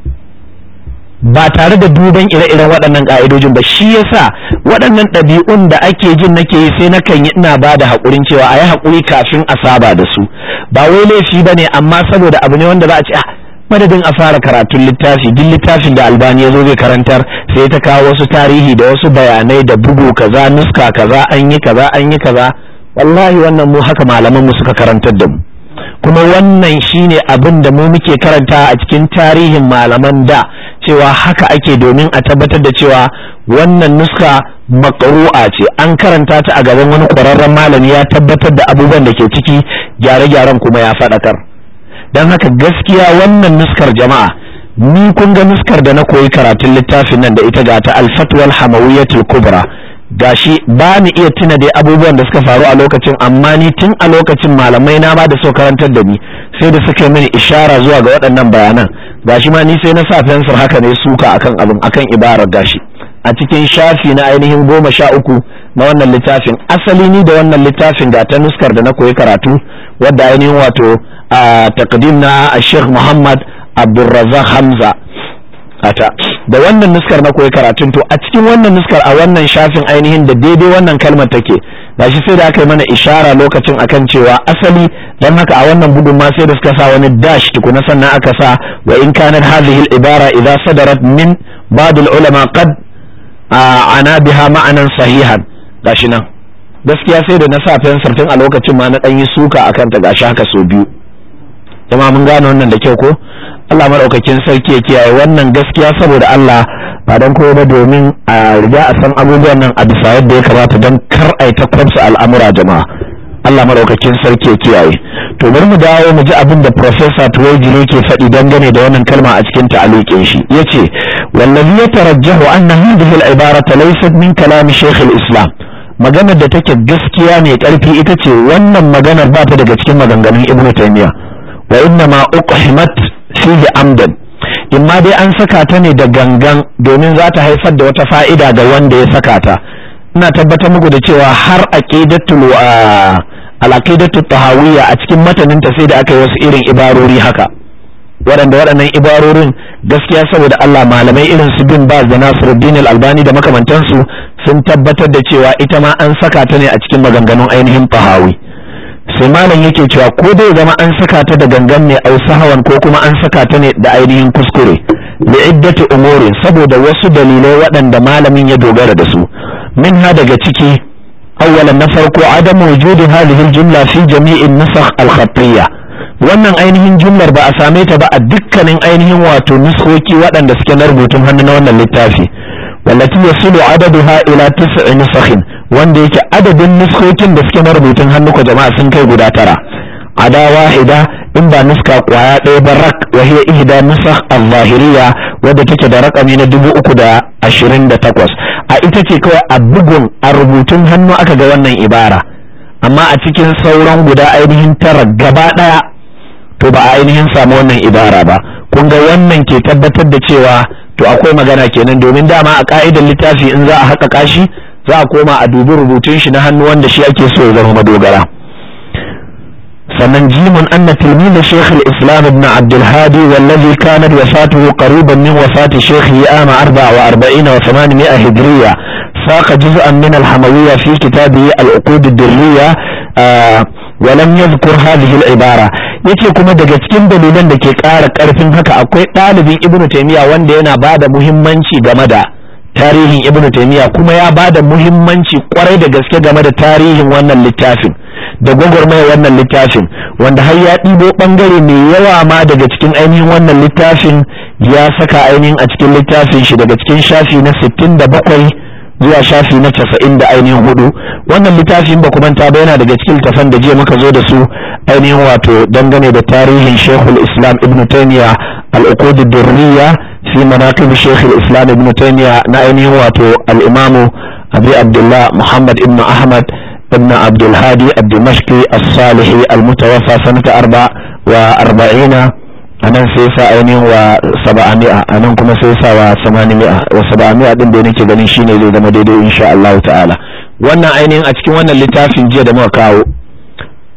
ba tare da duban ire-iren waɗannan ƙa'idojin ba shi yasa waɗannan ɗabi'un da ake jin nake yi sai nakan yi ina ba da haƙurin cewa a yi haƙuri kafin a saba da su ba wai laifi ba ne amma saboda abu ne wanda za a ce ah madadin a fara karatun littafi duk littafin da albani ya zo zai karantar sai ta kawo wasu tarihi da wasu bayanai da bugu kaza nuska kaza an yi kaza an yi kaza wallahi wannan mu haka malaman suka karantar da mu kuma wannan shine abin da mu muke karanta a cikin tarihin malaman da cewa haka ake domin a tabbatar da cewa wannan nuska makaru'a ce an karanta ta a gaban wani ƙwararren malami ya tabbatar da abubuwan da ke ciki gyare-gyaren kuma ya faɗakar. don haka gaskiya wannan nuskar jama'a ni kun ga nuskar da na koyi karatun littafin nan da ita ga ta alfatwal hamawiyatul kubra gashi ba ni iya tuna dai abubuwan da suka faru a lokacin amma ni tun a lokacin malamai na ba da so karantar da ni sai da suka mini ishara zuwa ga waɗannan bayanan gashi ma ni sai na sa fensir haka ne suka akan abin akan ibarar gashi a cikin shafi na ainihin goma sha uku na wannan littafin asali ni da wannan littafin ga ta nuskar da na koyi karatu wadda ainihin wato a takdim na Sheikh Muhammad Abdulrazak Hamza ata da wannan nuskar na koyi karatun to a cikin wannan nuskar a wannan shafin ainihin da daidai wannan kalmar take shi sai da aka yi mana ishara lokacin akan cewa asali dan haka a wannan bugun ma sai da suka sa wani dash tukuna sannan aka sa wa in kanat hadhihi al-ibara idha sadarat min ba'd al-ulama qad ana biha ma'anan sahihan gashi nan gaskiya sai da na sa fensir tun a lokacin ma na ɗan yi suka a kanta gashi haka so biyu jama'a mun gane wannan da kyau ko Allah maɗaukakin sarki ya kiyaye wannan gaskiya saboda Allah ba don koyo ba domin a riga a san abubuwan nan a bisa yadda ya kamata dan kar a ta kwamsa al'amura jama'a Allah maɗaukakin sarki ya kiyaye to bari mu dawo mu ji abin da professor Tuwajiri ke faɗi dangane da wannan kalma a cikin ta'aliqin shi yace ya tarajjahu anna hadhihi al-ibarata laysat min kalam shaykh al-islam maganar da take gaskiya mai karfi ita ce wannan maganar ba ta daga cikin maganganun ibnu taymiya wa inna ma uqhimat fi amdan imma dai an saka ta ne da gangan domin za ta haifar da wata fa'ida ga wanda ya saka ta ina tabbatar muku da cewa har aqidatul ah, al-aqidatul tahawiyya a cikin matanin ta sai da aka yi wasu irin ibarori haka waɗanda waɗannan ibarorin gaskiya saboda Allah malamai irin su bin Baz da Nasiruddin Al-Albani da makamantansu sun tabbatar da cewa ita ma an saka ta ne a cikin maganganun ainihin fahawi sai malam yake cewa ko dai zama an saka ta da gangan ne au sahawan ko kuma an saka ta ne da ainihin kuskure da iddatu umuri saboda wasu dalilai waɗanda malamin ya dogara da su min ha daga ciki awwalan na farko adamu wujudi hadhihi al-jumla fi jami'in nasakh al wannan ainihin jumlar ba a same ta ba a dukkanin ainihin wato nuskoki waɗanda suke na rubutun hannu na wannan littafi wallati adadu ha ila tis'i nusakhin wanda yake adadin nuskokin da suke na rubutun hannu ko jama'a sun kai guda tara ada wahida in ba nuska kwaya ɗaya ba rak wa hiya ihda nusakh al-zahiriyya wadda take da rakami na dubu uku da ashirin da takwas a ita ce kawai a bugun a rubutun hannu aka ga wannan ibara amma a cikin sauran guda ainihin tara gaba ɗaya to ba a ainihin samu wannan ibara ba kun ga wannan ke tabbatar da cewa to akwai magana kenan domin dama a ka'idar littafi in za a haka kashi za a koma a dubi rubutun shi na hannu wanda shi ake so ya zama madogara sannan jimin anna tilmina shekh islam ibn abdulhadi hadi wallazi kanat wasatuhu qariban min wasati shekhi ama 44 wa 800 hijriya saqa juz'an min al fi kitabihi al-uqud ad-dirriyya ah, ولم يذكر هذه العبارة ibara yace kuma daga cikin dalilan da ke ƙara ƙarfin haka akwai ɗalibin ibn ta'imiyya wanda yana bada muhimmanci game da tarihin ibn ta'imiyya kuma ya ba da muhimmanci kwarai da gaske game da tarihin wannan littafin da gwagwarmaya wannan littafin wanda har ya ɗibo ɓangare mai yawa ma daga cikin ainihin wannan littafin ya saka ainihin a cikin littafin shi daga cikin shafi na sittin da bakwai zuwa shafi na casa'in da ainihin hudu wannan littafin ba manta ba yana daga cikin littafan da jiya muka zo da su ainihin wato dangane da tarihin shekul islam ibn taimiya al'ukudu durriya fi manaqib shekul islam ibn taimiya na ainihin wato al'imamu abi abdullah muhammad ibn ahmad ابن عبد الهادي الدمشقي الصالحي al سنة أربع وأربعين anan sai sa ainihin wa saba'ami'a anan kuma sai sa wa samanimi'a wa saba'ami'a din da nake ganin shine zai zama daidai insha Allah ta'ala wannan ainihin a cikin wannan littafin jiya da muka kawo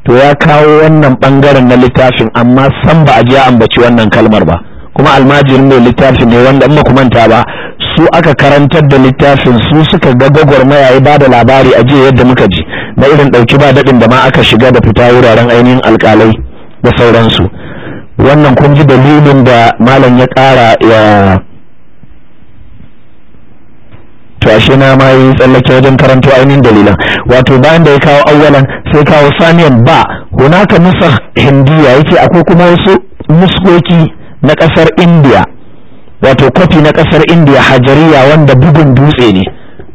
to ya kawo wannan bangaren na littafin amma san ba a ji ambaci wannan kalmar ba kuma almajirin ne littafin ne wanda in manta ba su aka karantar da littafin su suka ga gwagwarmaya ya da labari a jiya yadda muka ji na irin ɗauki ba daɗin da ma aka shiga da fita wuraren ainihin alƙalai da sauransu wannan kun ji dalilin da malam ya ƙara ya to ashe na ma yi tsallake wajen karanto ainihin dalilan wato bayan da ya kawo awwalan sai kawo saniyan ba hunaka nusa hindiya yake akwai kuma wasu muskoki na kasar indiya wato kwafi na kasar indiya hajariya wanda bugun dutse ne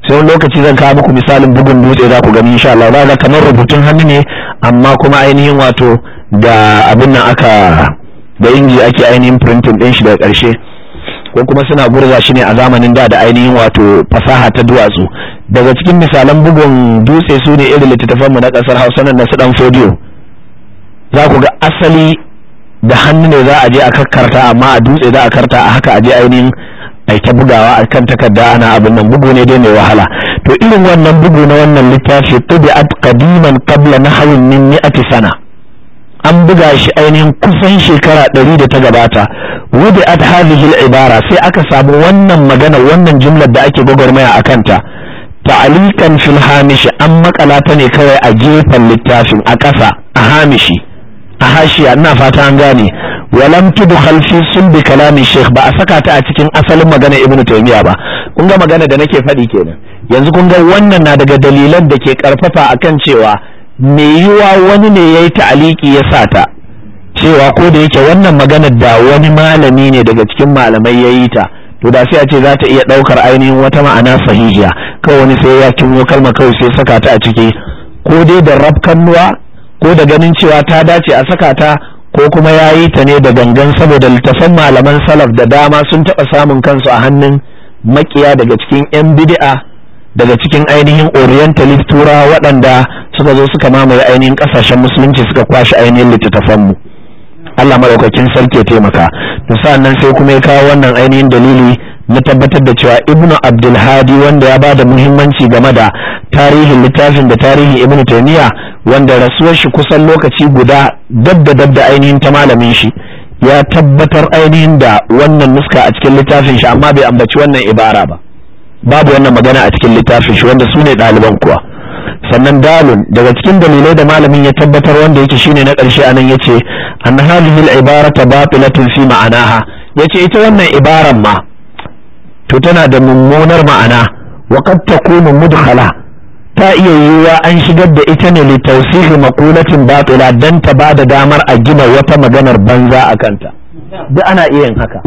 sai wani lokaci zan kawo muku misalin bugun dutse za ku gani insha Allah ga kamar rubutun hannu ne amma kuma ainihin wato da abin nan aka da inji ake ainihin printing din shi daga ƙarshe ko kuma suna gurza shi ne a zamanin da da ainihin wato fasaha ta duwatsu daga cikin misalan bugun dutse su ne irin mu na ƙasar hausa nan na su dan fodiyo za ku ga asali da hannu ne za a je a kakkarta amma a dutse za a karta a haka a je ainihin ai ta bugawa a kan takarda ana abin nan bugu ne dai mai wahala to irin wannan bugu na wannan littafi tubi'at qadiman qabla nahwin min mi'ati sana an buga shi ainihin kusan shekara ɗari da ta gabata wubi at hadhihi ibara sai aka samu wannan magana wannan jumlar da ake gwagwarmaya a kanta ta'alikan fil hamishi an makala ta ne kawai a gefen littafin a ƙasa a hamishi a hashiya ina fata an gane walam tudkhal fi sulbi kalamin sheikh ba a saka ta a cikin asalin magana ibnu taymiya ba kun ga magana da nake faɗi kenan yanzu kun ga wannan na daga dalilan da ke karfafa akan cewa me yiwa wani ne ya yi ta'aliki ya sa ta cewa ko da yake wannan maganar da wani malami ne daga cikin malamai ya yi ta to da sai a ce za ta iya ɗaukar ainihin wata ma'ana sahihiya kawai wani sai ya kimo kalma kawai sai saka ta a ciki ko dai da rafkannuwa ko da ganin cewa ta dace a saka ta ko kuma ya yi ta ne da gangan saboda littafan malaman salaf da dama sun taɓa samun kansu a hannun makiya daga cikin 'yan bid'a daga cikin ainihin orientalist tura waɗanda suka zo suka mamaye ainihin ƙasashen musulunci suka kwashe ainihin littattafanmu Allah maɗaukakin sarki ya taimaka da sa'annan sai kuma ya kawo wannan ainihin dalili na tabbatar da cewa ibnu abdulhadi wanda ya bada muhimmanci game da tarihin littafin da tarihin ibnu taimiyya wanda rasuwar shi kusan lokaci guda dab da dab da ainihin ta malamin shi ya tabbatar ainihin da wannan nuska a cikin littafin shi amma bai ambaci wannan ibara ba babu wannan magana a cikin littafin shi wanda su ne ɗaliban kuwa sannan dalun daga cikin dalilai da malamin ya tabbatar wanda yake shine na ƙarshe anan yace an hadhihi al-ibarata batilatun fi ma'anaha yace ita wannan ibaran ma to tana da mummunar ma'ana wa qad takunu mudkhala ta iya yiwuwa an shigar da ita ne li tawsihi maqulatin batila dan ta bada damar a gina wata maganar banza a kanta duk ana iya yin haka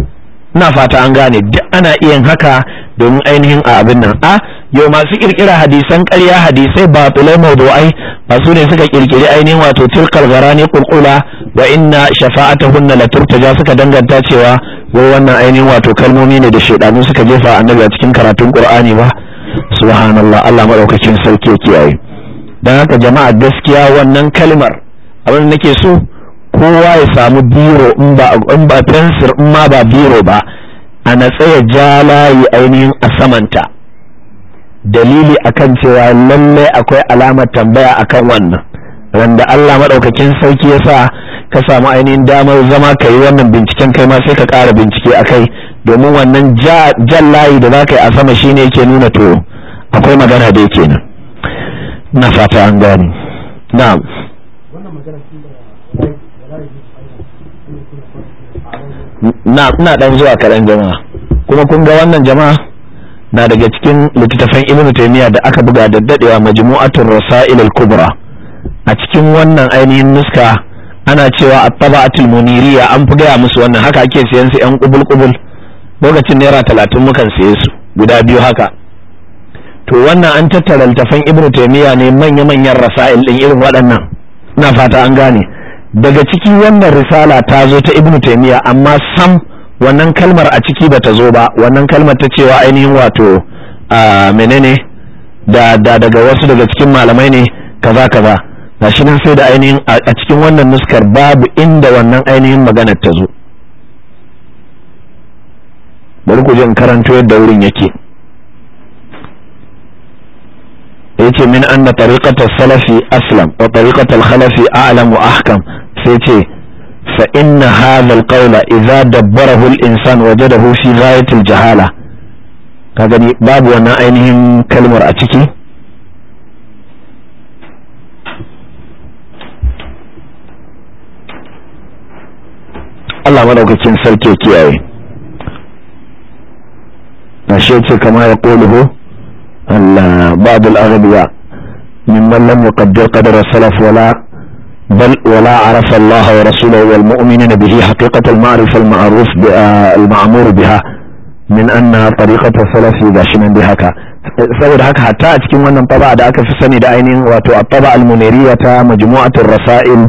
ina fata an gane duk ana iya haka domin ainihin a abin nan a yau masu kirkira hadisan ƙarya hadisai ba tulai mawdu'ai ba su ne suka kirkiri ainihin wato tilkal ne qulqula wa inna shafa'atahunna la turtaja suka danganta cewa wai wannan ainihin wato kalmomi ne da shedanu suka jefa annabi a cikin karatun qur'ani ba subhanallah Allah madaukakin sarki ya kiyaye dan haka jama'a gaskiya wannan kalmar abin nake so kowa ya samu biro in ba fensir in ma ba biro ba a na tsaye ja layi ainihin a samanta dalili akan cewa lallai akwai alamar tambaya akan wannan randa Allah maɗaukakin sarki ya sa ka samu ainihin damar zama ka yi wannan binciken kai ma sai ka ƙara bincike a kai domin wannan jan layi da za ka yi a sama shine yake nuna to akwai magana da yake nan na fata an gani na wannan magana na ina dan zuwa kaɗan jama'a kuma kun ga wannan jama'a na daga cikin littattafan ibnu taymiya da aka buga da dadewa majmu'atul rasail al-kubra a cikin wannan ainihin nuska ana cewa at-taba'atul muniriya an fi gaya musu wannan haka ake siyan su yan kubul kubul lokacin naira talatin mukan siye su guda biyu haka to wannan an tattara littafan ibnu taymiya ne manya-manyan rasail din irin waɗannan ina fata an gane daga ciki wannan risala ta zo ta ibnu taimiyya amma sam wannan kalmar a ciki bata zo ba wannan kalmar ta cewa ainihin wato a menene da da daga wasu daga cikin malamai ne kaza kaza gashi nan sai da ainihin a cikin wannan nuskar babu inda wannan ainihin maganar ta zo bari ku jin karanto yadda wurin yake yace min anna tariqata salafi aslam wa al khalafi a'lam wa ahkam sai ce fa inna hadha alqawla idza dabbarahu al-insan wajadahu fi ghayatil jahala ka gani babu wannan ainihin kalmar a ciki Allah madaukakin sarki kiyaye na shi ce kama ya ƙoluhu Allah babu al'arabiya mimman lam yuqaddir qadara salaf wala بل ولا عرف الله ورسوله والمؤمنين به حقيقة المعرفة المعروف المعمور بها من أنها طريقة الثلاث يداشمن بهكا saboda haka hatta a cikin wannan taba da aka fi sani da ainihin wato a taba almuniriya ta majmu'atul rasail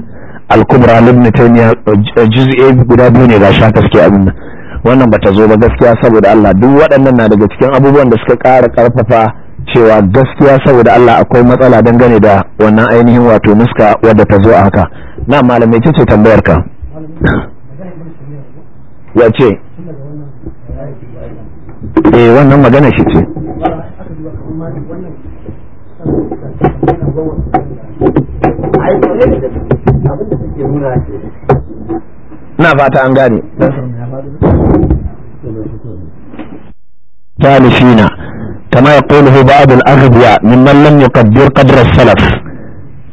al-kubra ibn taymiya juz'i guda biyu ne ga shaka suke abin nan wannan bata zo ba gaskiya saboda Allah duk waɗannan na daga cikin abubuwan da suka ƙara ƙarfafa cewa gaskiya saboda Allah akwai matsala dangane da wannan ainihin wato nuska wadda ta zo a haka na malamai ce ce tambayar ka ya ce eh wannan magana shi ce na fata an gane na كما يقوله بعض الأغبياء ممن لم يقدر قدر السلف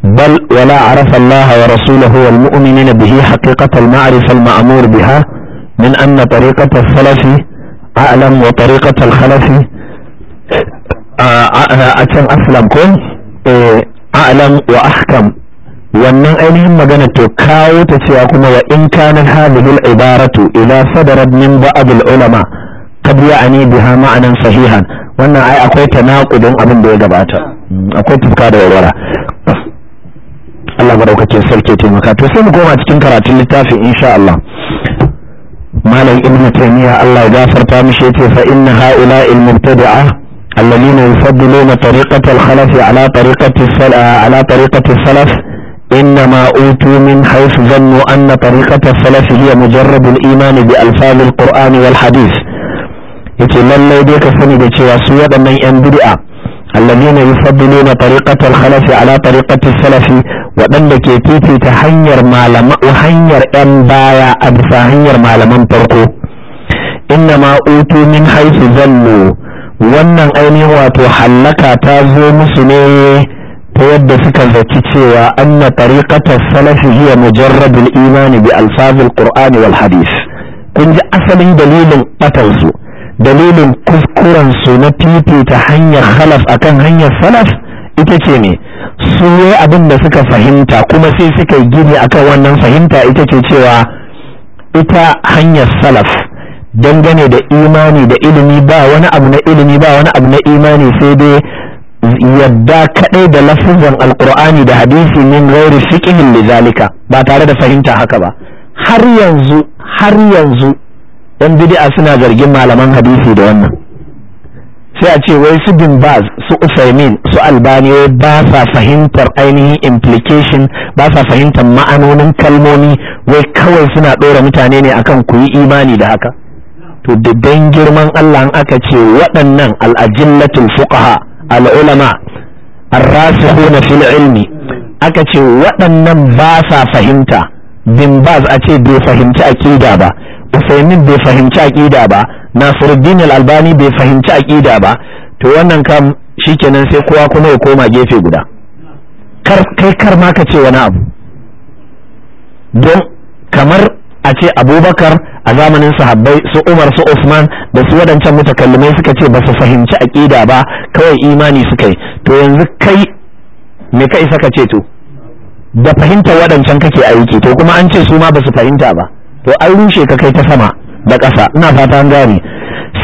بل ولا عرف الله ورسوله والمؤمنين به حقيقة المعرفة المأمور بها من أن طريقة السلف أعلم وطريقة الخلف آه، آه، أتم كن إيه، أعلم وأحكم wannan ainihin magana to kawo ta cewa kuma wa in kanan hadhihi al-ibaratu ila sadarat min ba'd al-ulama qad ya'ni biha sahihan wannan ai akwai tanaqudin abin da ya gabata akwai tufka da warwara Allah madaukakin sarki taimaka to sai mu koma cikin karatun littafin insha Allah malam ibnu taymiya Allah ya gafarta mishi yace fa inna ha'ula al-mubtadi'a الذين يفضلون طريقة salas على طريقة السلف على طريقة السلف إنما أوتوا من حيث ظنوا أن طريقة السلف هي مجرد الإيمان بألفاظ القرآن والحديث yace lallai dai ka sani da cewa su waɗannan yan bid'a alladhina yufaddiluna tariqata al-khalaf ala tariqati salaf waɗanda ke fifita hanyar malama hanyar yan baya a bisa hanyar malaman farko inna ma utu min haythu zallu wannan ainihin wato hallaka ta zo musu ne ta yadda suka zaci cewa anna tariqatas salafi hiya mujarrad al-iman bi alfaz al-qur'an wal hadith kun ji asalin dalilin batansu dalilin kuskuren su na fifita hanyar khalaf akan hanyar salaf ita ce ne su yi abin da suka fahimta kuma sai suka yi gini akan wannan fahimta ita ce cewa ita hanyar salaf dangane da imani da ilimi ba wani abu na ilimi ba wani abu na imani sai dai yadda kadai da lafizan alkur'ani da hadisi min gairi fiqhin lizalika ba tare da fahimta haka ba har yanzu har yanzu yan bid'a suna zargin malaman hadisi da wannan sai a ce wai su bin baz su usaimin su albani wai ba sa fahimtar ainihin implication ba sa fahimtar ma'anonin kalmomi wai kawai suna ɗora mutane ne akan ku yi imani da haka to da dan girman Allah an aka ce waɗannan al'ajillatul fuqaha al'ulama ar-rasikhuna fil ilmi aka ce waɗannan ba sa fahimta bin baz a ce bai fahimci aqida ba Usaimin bai fahimci aƙida ba Nasiruddin al-Albani bai fahimci aƙida ba to wannan kam shikenan sai kowa kuma ya koma gefe guda kar kai kar ma ka ce wani abu don kamar a ce abubakar a zamanin sahabbai su umar su usman da su waɗancan mutakallimai suka ce ba su fahimci aƙida ba kawai imani suka yi to yanzu kai me ka isa ka ce to da fahimtar waɗancan kake aiki to kuma an ce su ma ba su fahimta ba to an rushe ka kai ta sama da ƙasa ina fatan an gane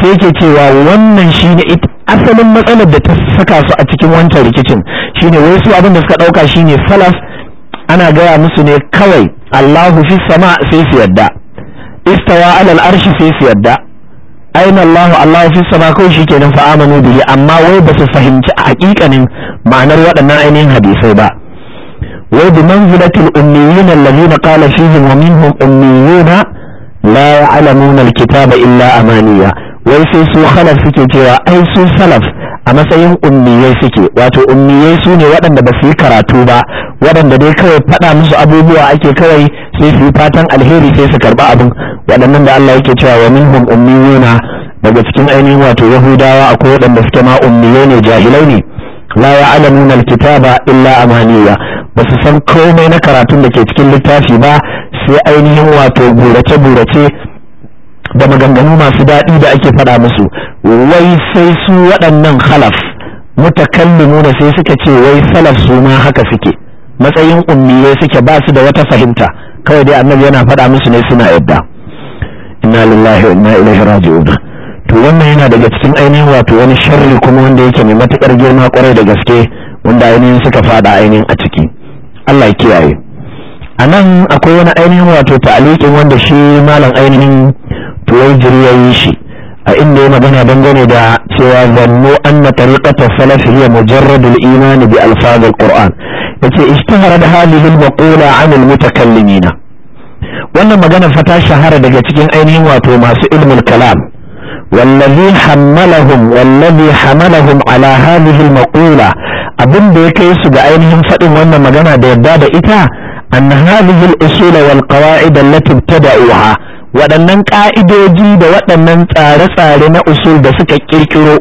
sai ke cewa wannan shine asalin matsalar da ta saka su a cikin wancan rikicin shine wai su abin da suka ɗauka shine salas. ana gaya musu ne kawai Allahu fi sama sai su yadda istawa alal arshi sai su yadda ayin Allahu Allahu! fi sama kawai shi ke fa amanu bihi amma wai ba su fahimci a hakikanin ma'anar waɗannan ainihin hadisai ba wai bi manzilatil ummiyin allazina qala fihim wa minhum ummiyuna la ya'lamuna alkitaba illa amaniya wai sai su khalaf suke cewa ai su salaf a matsayin ummiyai suke wato ummiyai su ne waɗanda ba su yi karatu ba waɗanda dai kawai faɗa musu abubuwa ake kawai sai su yi fatan alheri sai su karɓa abin waɗannan da Allah yake cewa wa minhum ummiyuna daga cikin ainihin wato yahudawa akwai waɗanda suke ma ummiyai ne jahilai ne la ya'lamuna alkitaba illa amaniya ba su san komai na karatun da ke cikin littafi ba sai ainihin wato burace-burace da maganganu masu daɗi da ake faɗa musu wai sai su waɗannan halaf da sai suka ce wai salaf su ma haka suke matsayin ummiyai suke ba su da wata fahimta kawai dai annabi yana faɗa musu ne suna yadda inna lillahi wa inna ilaihi raji'un to wannan yana daga cikin ainihin wato wani sharri kuma wanda yake mai matukar girma kwarai da gaske wanda ainihin suka faɗa ainihin a ciki Allah ya kiyaye a nan akwai wani ainihin wato ta'alikin wanda shi malam ainihin tuwaijiri ya yi shi a inda ya magana dangane da cewa zannu anna tariqata salaf hiya mujarrad al-iman bi alfaz quran yace ishtaharat hadhihi al-maqula 'an al na. wannan magana ta shahara daga cikin ainihin wato masu ilmul kalam wallazi hammalahum wallazi hamalahum ala hadhihi almaqula abin da ya kai su ga ainihin faɗin wannan magana da yadda da ita an hadhihi al-usul wal qawa'id allati ibtada'uha waɗannan ƙa'idoji da waɗannan tsare-tsare na usul da suka kirkiro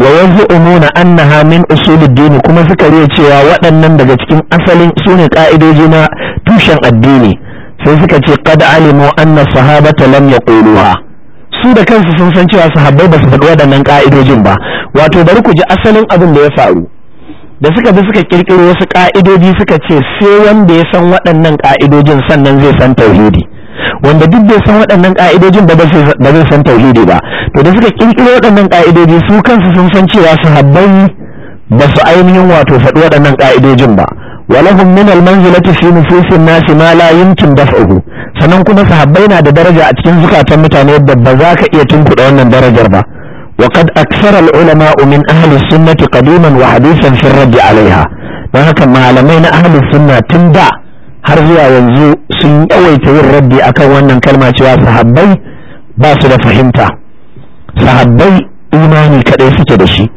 wa yanzu umuna annaha min usuluddini kuma suka riya cewa waɗannan daga cikin asalin sune ƙa'idoji na tushen addini sai suka ce qad alimu anna sahabata lam yaquluha su da kansu sun san cewa sahabbai ba su faɗi waɗannan ƙa'idojin ba wato bari ku ji asalin abin da ya faru da suka bi suka kirkiro wasu ƙa'idoji suka ce sai wanda ya san waɗannan ƙa'idojin sannan zai san tauhidi wanda duk bai san waɗannan ƙa'idojin ba zai san tauhidi ba to da suka kirkiro waɗannan ƙa'idoji su kansu sun san cewa sahabbai ba su ainihin wato faɗi waɗannan ƙa'idojin ba walahum min almanzilati fi nufusin nasi ma la yumkin daf'uhu sannan kuma sahabbai na da daraja a cikin zukatan mutane da ba za ka iya tunkuɗa wannan darajar ba وقد أكثر العلماء من أهل السنة قديما وحديثا rabbi الرد عليها don haka malamai na ahli sunna tun da har zuwa yanzu sun yawaita yin raddi akan wannan kalma cewa sahabbai ba su da fahimta sahabbai imani kadai suke da shi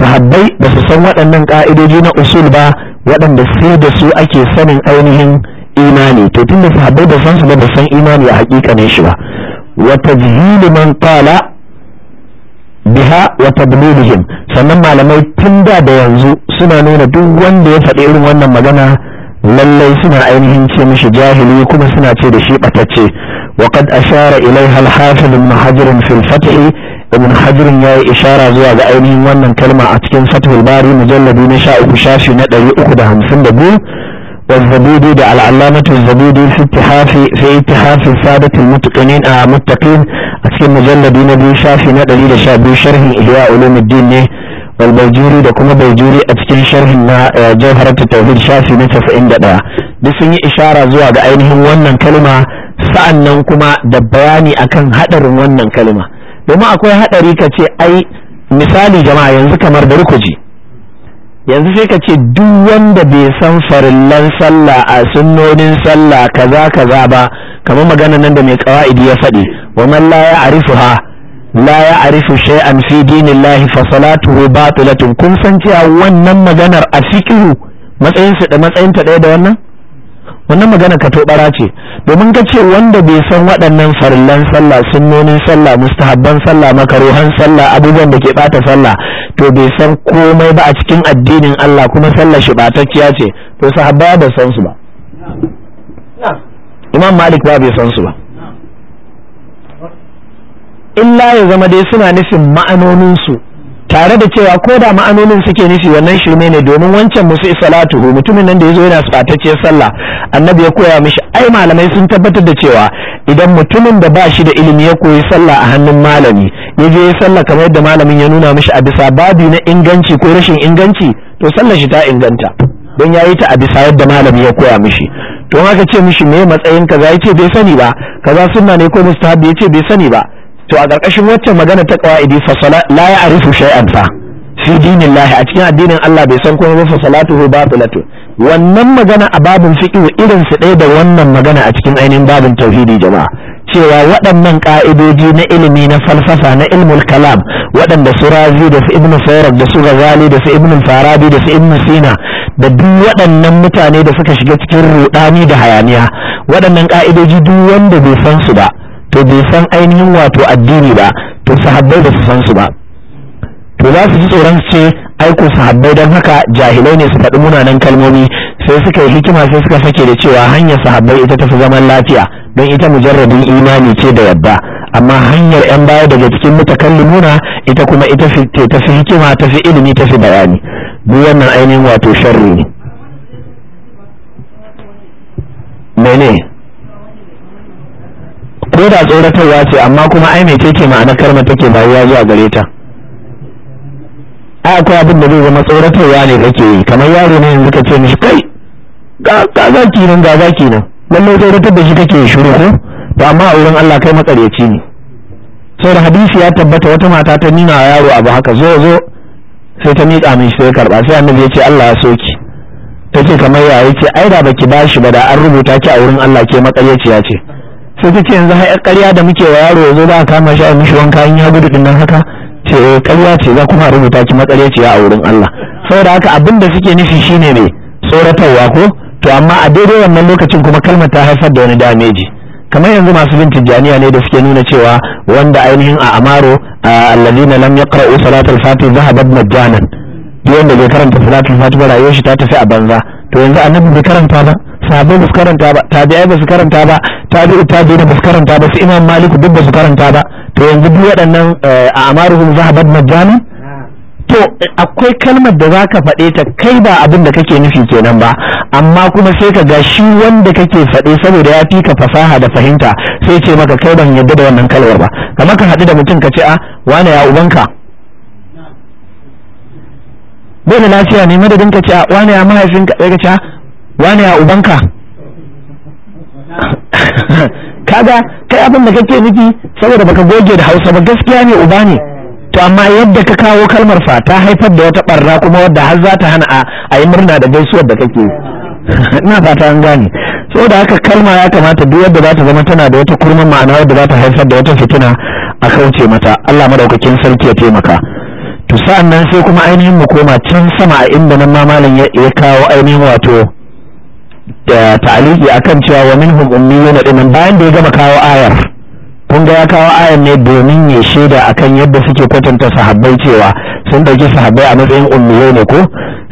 sahabbai ba su san waɗannan ka'idoji na usul ba waɗanda sai da su ake sanin ainihin imani to tunda sahabbai da san su ba san imani a hakikanin shi ba wa tajhilu man qala biha wa tadlilihim sannan malamai tun da da yanzu suna nuna duk wanda ya faɗi irin wannan magana lallai suna ainihin ce mishi jahili kuma suna ce da shi batacce wa qad ashara ilai al-hafiz ibn fath ibn hajirin ya yi ishara zuwa ga ainihin wannan kalma a cikin fathul bari mujalladi na sha uku shafi na ɗari uku da hamsin da biyu والزبيدي ده العلامة الزبيدي في اتحاف في اتحاف الثابت المتقنين آه متقين أكيد مجلد نبي شافي ندليل شابي شرح إحياء علوم الدين نه والبيجوري ده كما بيجوري أتكين شرح ما جوهرة التوحيد شافي نتف إن ده دي سنة إشارة زوا ده أينهم ونن كلمة سأنن كما ده بياني أكن هدر ونن كلمة domin akwai haɗari ka ce ai misali jama'a yanzu kamar da ku yanzu sai ka ce duk wanda bai san farillan sallah a sunnonin sallah kaza kaza ba kamar magana nan da mai qawaidi ya faɗi wa man la ya'rifuha la ya'rifu shay'an fi dinillahi fa salatuhu batilatun kun san cewa wannan maganar a fiqhu matsayin da matsayin ta ɗaya da wannan wannan magana ka tobara ce domin ka ce wanda bai san waɗannan farillan sallah sunnonin sallah mustahabban sallah makaruhan sallah abubuwan da ke bata sallah to bai san komai ba a cikin addinin Allah kuma sallah shi batacciya ce to sahabba ba san su ba Imam Malik ba bai san su ba illa ya zama dai suna nufin ma'anonin su tare da cewa ko da ma'anonin suke nufi wannan shirme ne domin wancan musu salatuhu mutumin nan da ya zo yana tsatacciyar sallah annabi ya koya mishi ai malamai sun tabbatar da cewa idan mutumin da ba shi da ilimi ya koyi sallah a hannun malami ya je ya sallah kamar yadda malamin ya nuna mishi a bisa babi na inganci ko rashin inganci to sallar shi ta inganta don ya yi ta a bisa yadda malami ya koya mishi to haka ce mishi me matsayin kaza ce bai sani ba kaza sunna ne ko mustahabi ce bai sani ba to a ƙarƙashin waccan magana ta qawaidi fa sala la ya'rifu shay'an fa fi dinillahi a cikin addinin Allah bai san komai ba fa salatuhu batilatu wannan magana a babin fiqh irin su ɗaya da wannan magana a cikin ainihin babin tauhidi jama'a cewa waɗannan ƙa'idoji na ilimi na falsafa na ilmul kalam waɗanda su razi da su ibnu farag da su ghazali da su ibnu farabi da su ibnu sina da duk waɗannan mutane da suka shiga cikin rudani da hayaniya waɗannan ƙa'idoji duk wanda bai san su ba to bai san ainihin wato addini ba to sahabbai ba su san su ba to za su ji tsoron su ce aiko sahabbai don haka jahilai ne su faɗi munanan kalmomi sai suka yi hikima sai suka sake da cewa hanyar sahabbai ita tafi zaman lafiya don ita mujarrabin imani ce da yadda amma hanyar yan baya daga cikin mutakallimuna ita kuma ita ce fi hikima tafi ilimi tafi bayani duk wannan ainihin wato sharri ne mene ko da tsoratarwa ce amma kuma ai mai ce ma'anar karma take bayuwa zuwa gare ta ai akwai abin da zai zama tsoratarwa ne kake yi kamar yaro ne yanzu ka ce mishi kai ga zaki nan ga zaki nan lallai tsoratar da shi kake shiru ko to amma a wurin Allah kai matsaryaci ne saboda hadisi ya tabbata wata mata ta nuna wa yaro abu haka zo zo sai ta miƙa min sai karba sai annabi ya ce Allah ya soki ta ce kamar ya ce ai da baki bashi ba da an rubuta ki a wurin Allah ke matsaryaciya ce sai ta ce yanzu har ƙarya da muke wa yaro yanzu za a kama shi a mishi wanka in ya gudu din nan haka ce eh, ƙarya ce za kuma rubuta ki ce a wurin Allah saboda haka abin da suke nufi shine ne tsoratarwa ko to amma a daidai wannan lokacin kuma kalmar ta haifar da wani dameji kamar yanzu masu bin tijjaniya ne da suke nuna cewa wanda ainihin a amaro na lam yaqra'u salatul fatih zahabat majanan duk wanda bai karanta salatul fatih ba rayuwar shi ta tafi a banza to yanzu annabi bai karanta ba sahabbai ba su karanta ba tabi'ai ba su karanta ba tabi'u tabi'ina ba su karanta ba su imam maliku duk ba su karanta ba to yanzu duk waɗannan a eh, amaruhum zahabat majjana to akwai kalmar da zaka faɗe ta kai ba abin da kake nufi kenan ba amma kuma sai ka ga shi wanda kake faɗe saboda ya fi ka fasaha da fahimta sai ce maka kai ban yadda da wannan kalmar ba kamar ka haɗu da mutum ka ce a ah, wane ya ubanka bai da lafiya ne madadin ka ce a wane ya mahaifin ka ce a wane ya ubanka *laughs* kaga kai abin da kake nufi saboda baka goge da hausa ba gaskiya ne uba ne to amma yadda ka kawo kalmar fa ta haifar da wata barna kuma wadda har za ta hana a yi murna da gaisuwar da kake *laughs* ina fata an gane saboda haka kalma ya kamata duk yadda za ta zama tana da wata kurmin ma'ana wadda za ta haifar da wata fitina a kauce mata Allah madaukakin sarki ya taimaka to sa'an nan sai kuma ainihin mu koma can sama a inda nan ma malam ya kawo ainihin wato da ta'aliki akan cewa wa minhum ummiyuna dinnan bayan da ya gama kawo ayar kun ga ya kawo ayar ne domin ya shaida a kan yadda suke kwatanta sahabbai cewa sun dauki sahabbai a matsayin ummiyai ne ko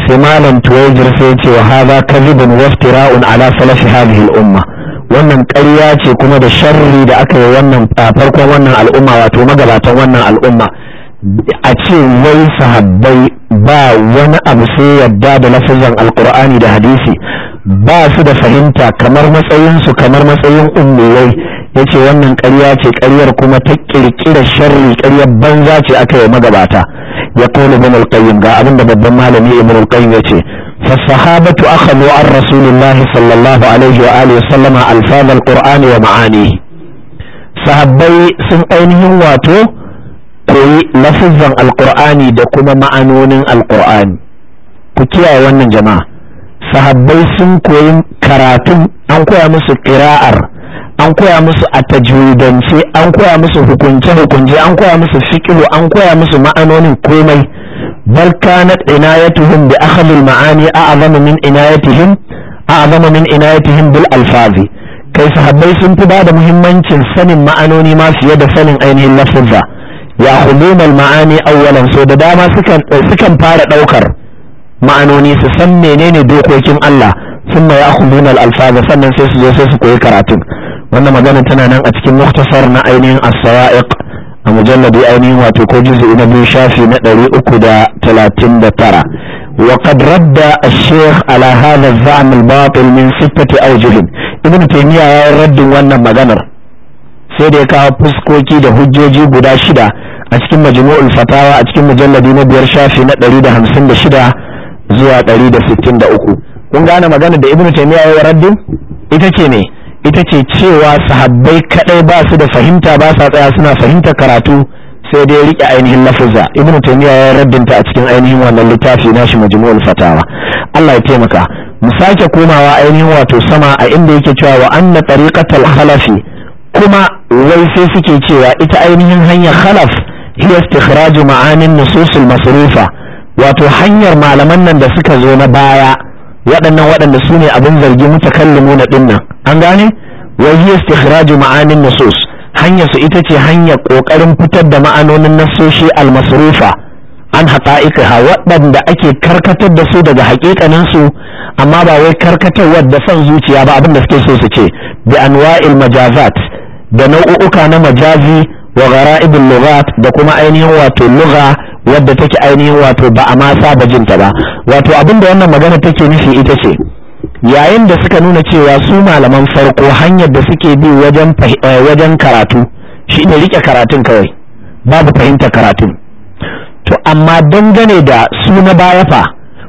sai malam tuwajir sai ce wa hadha kadhibun waftira'un ala salafi hadhihi umma wannan ƙarya ce kuma da sharri da aka yi wannan farkon wannan al'umma wato magabatan wannan al'umma a ce wai sahabbai ba wani abu sai yadda da lafazan alkur'ani da hadisi ba su da fahimta kamar matsayinsu kamar matsayin ummuwai ya ce wannan karya ce karyar kuma ta ƙirƙirar sharri ƙaryar banza ce aka yi magabata ya kone ibn al ga abin da babban malami ibn al ya ce aka zo عن رسول sallallahu alaihi wa عليه وآله وسلم Alƙur'ani wa ma'ani. sahabbai sun ainihin wato koyi lafizan alkur'ani da kuma ma'anonin alkur'ani ku kiyaye wannan jama'a sahabbai sun koyi karatun an koya musu ƙira'ar an koya musu a tajwidance an koya musu hukunce hukunce an koya musu fikihu an koya musu ma'anonin komai bal kanat inayatuhum bi akhdhil ma'ani a'zamu min inayatihim a'zamu min inayatihim bil alfazi kai sahabbai sun fi ba da muhimmancin sanin ma'anoni ma fiye da sanin ainihin lafuzza ya hulumar ma'ani awwalan so da dama sukan fara ɗaukar ma'anoni su san menene dokokin Allah sun ma ya hulumar alfaza sannan sai su zo sai su koyi karatun wannan magana tana nan a cikin muktasar na ainihin as-sawa'iq a mujalladi ainihin wato ko juz'i na biyu shafi na ɗari uku da talatin da tara وقد رد الشيخ على هذا الزعم الباطل من ستة أوجه ابن تيمية رد wannan maganar. sai da ya kawo fuskoki da hujjoji guda shida a cikin majmu'ul fatawa a cikin mujalladi na biyar shafi na 156 zuwa 163 kun gane magana da ibnu taymiya ya ita ce ne ita ce cewa sahabbai kaɗai ba su da fahimta ba sa tsaya suna fahimta karatu sai dai rike ainihin lafuzza ibnu taymiya ya raddinta a cikin ainihin wannan littafi nashi majmu'ul fatawa Allah ya taimaka mu sake komawa ainihin wato sama a inda yake cewa wa anna tariqatal halafi kuma wai sai suke cewa ita ainihin hanyar khalaf hiya istikhraju ma'anin nususul masrufa wato hanyar malaman nan da suka zo na baya waɗannan waɗanda su ne abin zargi mutakallimu na ɗin nan an gane wai hiya istikhraju ma'anin nusus hanyar su ita ce hanyar ƙoƙarin fitar da ma'anonin nasoshi al-masrufa an haƙa'iƙa waɗanda ake karkatar da su daga haƙiƙanin su amma ba wai karkatar da son zuciya ba abin da suke so su ce bi anwa'il majazat da nau'uka na majazi wa gara'ibul lughat da kuma ainihin wato lugha wadda take ainihin wato ba a ma saba jinta ba wato abin da wannan magana take nufi ita ce yayin da suka nuna cewa su malaman farko hanyar da suke bi wajen eh, wajen karatu shi ne rike karatun kawai babu fahimta karatu to amma dangane da su na baya fa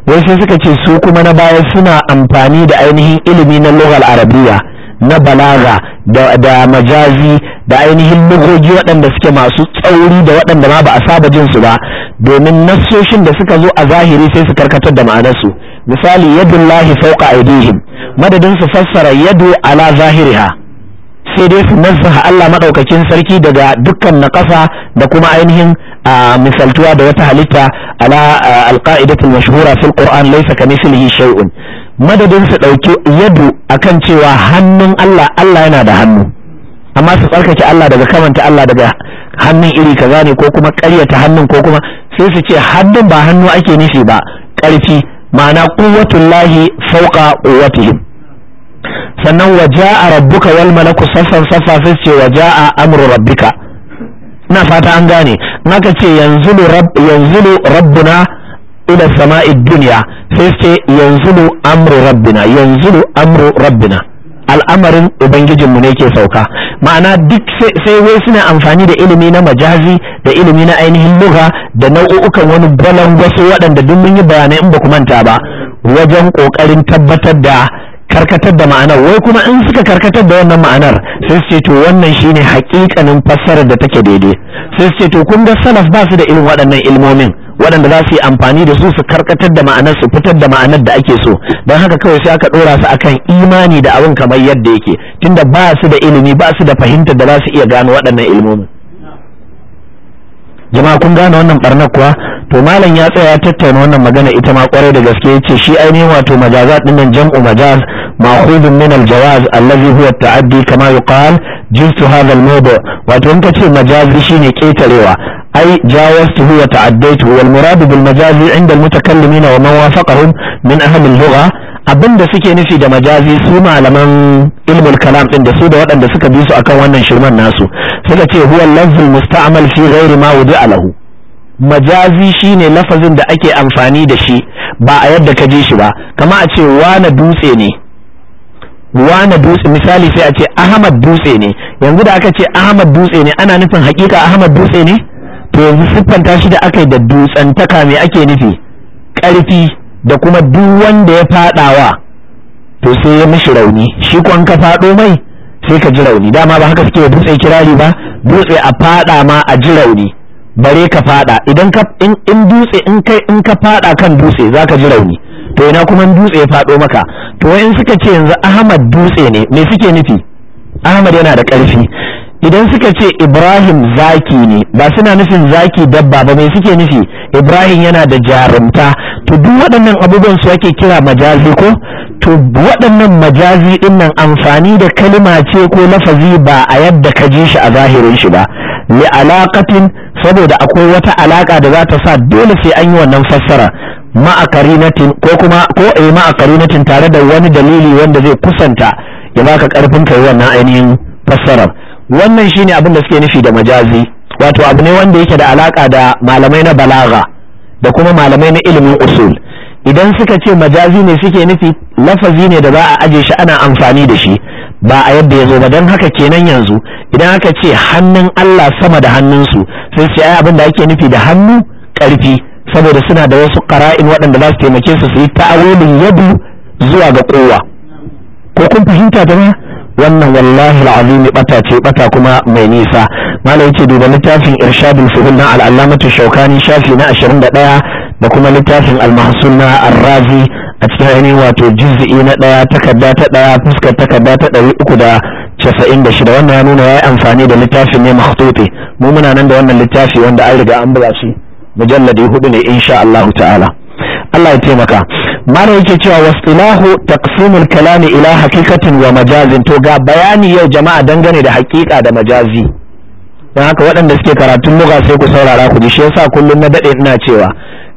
wai sai suka ce su kuma na baya suna amfani da ainihin ilimi na lughal arabiya na balaga da, da majazi da ainihin lugogi waɗanda suke masu tsauri da waɗanda ma ba a saba jin su ba domin nassoshin da suka zo a zahiri sai su karkatar da ma'anarsu misali yadullahi fauka aidihim madadin su fassara yadu ala zahiriha sai dai su nasaha Allah madaukakin sarki daga dukkan naqasa da kuma ainihin misaltuwa da wata halitta ala alqa'idatul mashhura fil qur'an laysa kamithlihi shay'un madadin su dauki yadu akan cewa hannun Allah Allah yana da hannu amma su tsarkake Allah daga kamanta Allah daga hannun iri kaza ne ko kuma ƙaryata hannun ko kuma sai su ce hannun ba hannu ake nufi ba ƙarfi ma'ana quwwatullahi fawqa quwwatihim sannan a rabbuka wal malaku saffan saffa sai ce a amru rabbika na fata an gane naka ce yanzulu lu yanzulu rabbuna ila sama'i dunya sai ce yanzulu amru rabbina yanzulu amru rabbina al'amarin ubangijinmu ne ke sauka ma'ana duk sai wai suna amfani da ilimi na majazi da ilimi na ainihin lugha da nau'ukan wani wasu waɗanda duk mun yi bayanai in ba ku manta ba wajen ƙoƙarin tabbatar da karkatar da ma'anar wai kuma in suka karkatar da wannan ma'anar sai su ce to wannan shine hakikanin fassarar da take daidai sai su ce to kun ga salaf ba su da irin waɗannan ilmomin waɗanda za su yi amfani da su su karkatar da ma'anar su fitar da ma'anar da ake so don haka kawai sai aka ɗora su akan imani da abin kamar yadda yake tunda ba su da ilimi ba su da fahimtar da za su iya gano waɗannan ilmomin jama'a kun gane wannan barnar kuwa to malam ya tsaya ya tattauna wannan magana ita ma kwarai da gaske yace shi ainihin wato majazat dinnan jam'u majaz ma'khudun min al-jawaz allazi huwa at-ta'addi kama yuqal jinsu hadha al-mawdu wato in kace majazi shine ketarewa ai jawaztuhu wa ta'addaytuhu wal muradu bil majazi 'inda al-mutakallimina wa man wafaqahum min ahli al-lugha abin da suke nufi da majazi su malaman ilmul kalam din da su da waɗanda suka bi su akan wannan shirman nasu suka ce huwa lafzul musta'mal fi ghairi ma wudi'a lahu majazi shine lafazin da ake amfani da shi ba a yadda ka ji shi ba kama a ce wani dutse ne wani dutse misali sai a ce ahmad dutse ne yanzu da aka ce ahmad dutse ne ana nufin hakika ahmad dutse ne to yanzu siffanta shi da aka yi da dutsantaka me ake nufi ƙarfi da kuma duk wanda ya fadawa to sai ya mishi rauni shi ko an ka fado mai sai ka ji rauni dama ba haka suke dutse kirari ba dutse a fada ma a ji rauni bare ka fada idan ka in, dutse in kai in ka fada kan dutse zaka ji rauni to ina kuma dutse ya fado maka to wayan suka ce yanzu Ahmad dutse ne me suke nufi Ahmad yana da ƙarfi idan suka ce Ibrahim zaki ne ba suna nufin zaki dabba ba me suke nufi Ibrahim yana da jarumta to duk waɗannan abubuwan su ake kira majazi ko to waɗannan majazi ɗin nan amfani da kalima ce ko lafazi ba a yadda ka ji shi a zahirin shi ba li alaqatin saboda akwai wata alaka da za ta sa dole sai an yi wannan fassara ma'akarinatin ko kuma ko eh ma'akarinatin tare da wani dalili wanda zai kusanta ya baka karfin kai wannan ainihin fassarar wannan shine abin da suke nufi da majazi wato abu ne wanda yake da alaka da malamai na balaga da kuma malamai na ilimin usul idan suka ce majazi ne suke nufi lafazi ne da za a aje shi ana amfani da shi ba a yadda ya zo ba don haka kenan yanzu idan aka ce hannun Allah sama da hannunsu sai su ai abin da ake nufi da hannu ƙarfi saboda suna da wasu ƙara'in waɗanda za su taimake su su yi ta'awulin yadu zuwa ga kowa ko kun fahimta da ba. wannan wallahi alazim bata ce bata kuma mai nisa malai yace duba littafin irshadul fuhul na al-allamatu shaukani shafi na 21 da kuma littafin al-mahsun na ar-razi a cikin ainihin wato juz'i na daya takarda ta daya fuskar takarda ta shida, wannan ya nuna yayi amfani da littafin ne makhtuti mu muna nan da wannan littafi wanda an riga an buga shi mujalladi hudu ne insha Allah ta'ala Allah ya taimaka mana yake cewa wasilahu taqsimul kalami ila haqiqatin wa majazin to ga bayani yau jama'a dangane da haqiqa da majazi dan haka waɗanda suke karatun lugha sai ku saurara ku ji shi yasa kullum na dade ina cewa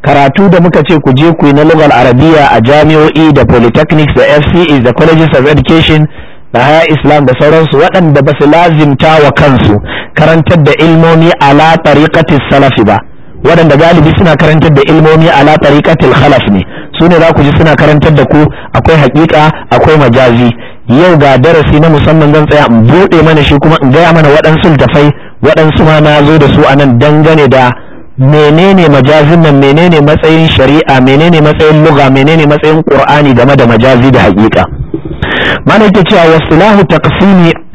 karatu da muka ce ku je ku yi na lugal arabiya a jami'o'i da polytechnics da fce da colleges of education da haya islam da sauransu waɗanda ba su lazimta wa kansu karantar da ilmomi ala tariqati salafi ba waɗanda galibi suna karantar da ilmomi ala tariqatil khalaf ne su ne za ku ji suna karantar da ku akwai haƙiƙa akwai majazi yau ga darasi na musamman zan tsaya in buɗe mana shi kuma in gaya mana waɗansu tafai waɗansu ma na zo da su anan dangane da menene majazin nan menene matsayin shari'a menene matsayin luga menene matsayin qur'ani game da majazi da haƙiƙa mana yake cewa wasilahu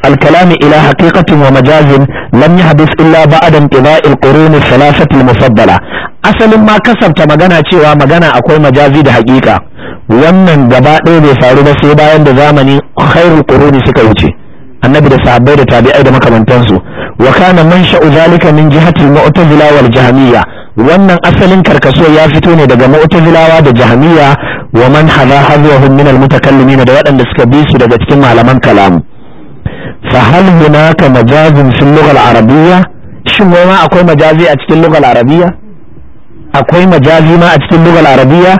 alkalami ila haqiqatin wa majazin lam yahdith illa ba adam al-qurun al-thalathati al asalin ma kasabta magana cewa magana akwai majazi da haƙiƙa wannan gaba ɗaya bai faru ba sai bayan da zamanin khairul quruni suka wuce annabi da sahabbai da tabi'ai da makamantansu wa kana mansha'u zalika min jihati al-mu'tazila wal jahmiyya wannan asalin karkaso ya fito ne daga mu'tazilawa da jahmiyya wa man hadha hadwahum min al-mutakallimin da waɗanda suka bi su daga cikin malaman kalam fa hal hunaka majazun fil lugha arabiyya shin wai ma akwai majazi a cikin lugal arabiya akwai majazi ma a cikin lugal arabiya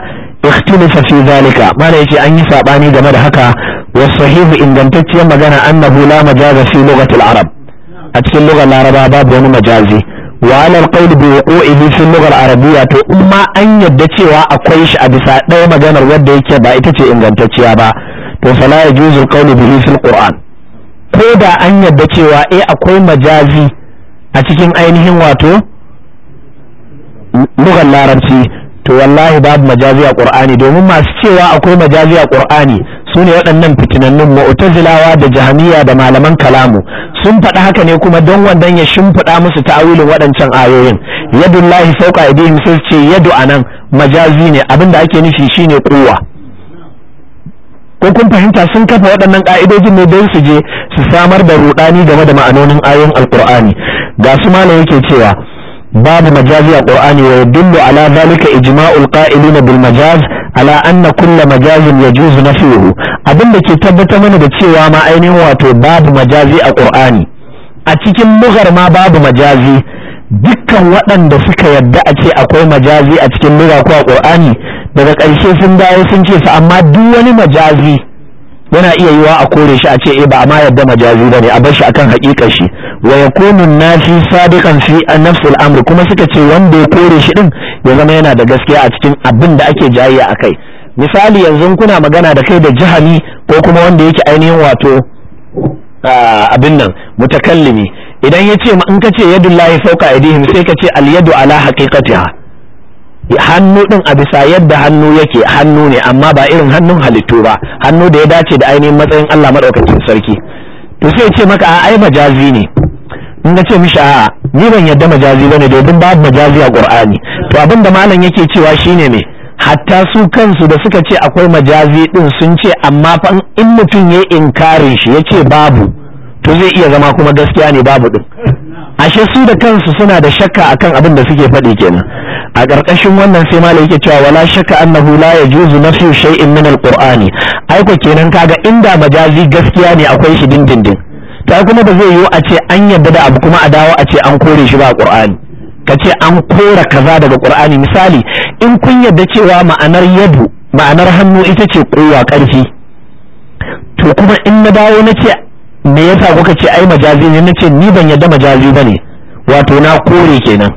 ikhtilafa fi zalika mana yace an yi sabani game da haka wasahihu ingantacciyar magana annahu la majaza fi lugatil arab a cikin lugar laraba babu wani majazi wa alal qawli bi wuqu'ihi fi lugar arabiyya to in ma an yadda cewa akwai shi a bisa ɗaya maganar wadda yake ba ita ce ingantacciya ba to fala yajuzu qawlu bihi fil qur'an ko da an yadda cewa eh akwai majazi a cikin ainihin wato lugar larabci to wallahi babu majazi a qur'ani domin masu cewa akwai majazi a qur'ani su ne waɗannan fitinannun mu'tazilawa da jahamiya da malaman kalamu sun faɗi haka ne kuma don wannan ya shimfiɗa musu ta'awilin waɗancan ayoyin yadullahi fauka idihim sai ce yadu anan majazi ne abinda ake nufi shine kuwa ko kun fahimta sun kafa waɗannan ƙa'idojin ne don su je su samar da ruɗani game da ma'anonin ayoyin alƙur'ani ga su malam yake cewa babu majazi a ƙur'ani wa yadullu ala zalika ijma'ul qa'ilina bil majaz ala anna kulla majazin yajuzu nafihi abin da ke tabbatar mana da cewa ma ainihin wato babu majazi a ƙur'ani, a cikin lugar ma babu majazi dukkan waɗanda suka yadda a ce akwai majazi a cikin lura ko a ƙur'ani daga karshe sun dawo sun ce su amma duk wani majazi yana iya yiwa a kore shi a ce eh ba amma yadda majazi bane a bar shi akan hakika shi wa yakunu nafi sadiqan fi nafsul amr kuma suka ce wanda ya kore shi din ya zama yana da gaskiya a cikin abin da ake jayayya akai misali yanzu kuna magana da kai da jahali ko kuma wanda yake ainihin wato abin nan mutakallimi idan yace ce in ka ce yadullahi fauka aidihim sai ka ce al yadu ala haqiqatiha hannu ɗin a bisa yadda hannu yake hannu ne amma ba irin hannun halittu ba hannu da ya dace da ainihin matsayin Allah maɗaukacin sarki to sai ce maka a ai majazi ne in na ce mishi a ni ban yadda majazi ba bane domin babu majazi a Qur'ani to abin da malam yake cewa shine me hatta su kansu da suka ce akwai majazi din sun ce amma fa in mutum ya inkarin shi yace babu to zai iya zama kuma gaskiya ne babu din ashe su da kansu suna da shakka akan abin da suke faɗi kenan a ƙarƙashin wannan sai malai yake cewa wala shakka annahu la yajuzu nafyu shay'in min alqur'ani ai ko kenan kaga inda majazi gaskiya ne akwai shi dindindin ta kuma ba zai yiwu a ce an yadda da abu kuma a dawo a ce an kore shi ba a qur'ani ka ce an kora kaza daga qur'ani misali in kun yadda cewa ma'anar yadu ma'anar hannu ita ce kowa ƙarfi to kuma in na dawo na ce me yasa kuka ce ai majazi ne nace ni ban yadda majazi bane wato na kore kenan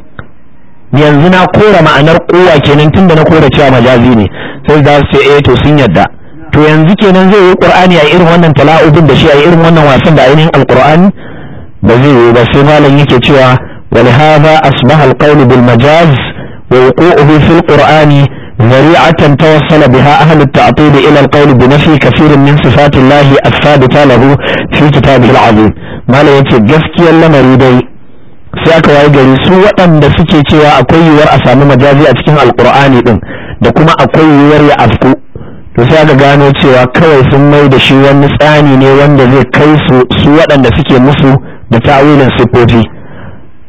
yanzu na kora ma'anar kowa kenan tunda na kora cewa majazi ne sai za su ce eh to sun yadda to yanzu kenan zai yi qur'ani a irin wannan tala'ubin da shi a irin wannan wasan da ainihin alqur'ani ba zai yi ba sai malam yake cewa ولهذا أصبح majaz بالمجاز ووقوعه في القرآن ذريعه توصل بها اهل التعطيل الى القول بنفي كثير من صفات الله الثابته له في كتابه العظيم ما لا يجي غسكيا لمريدي sai aka waye gari su waɗanda suke cewa akwai yiwuwar a samu majazi a cikin alkur'ani ɗin da kuma akwai yiwuwar ya afku to sai gano cewa kawai sun mai da shi wani tsani ne wanda zai kai su su waɗanda suke musu da ta'awilin sifofi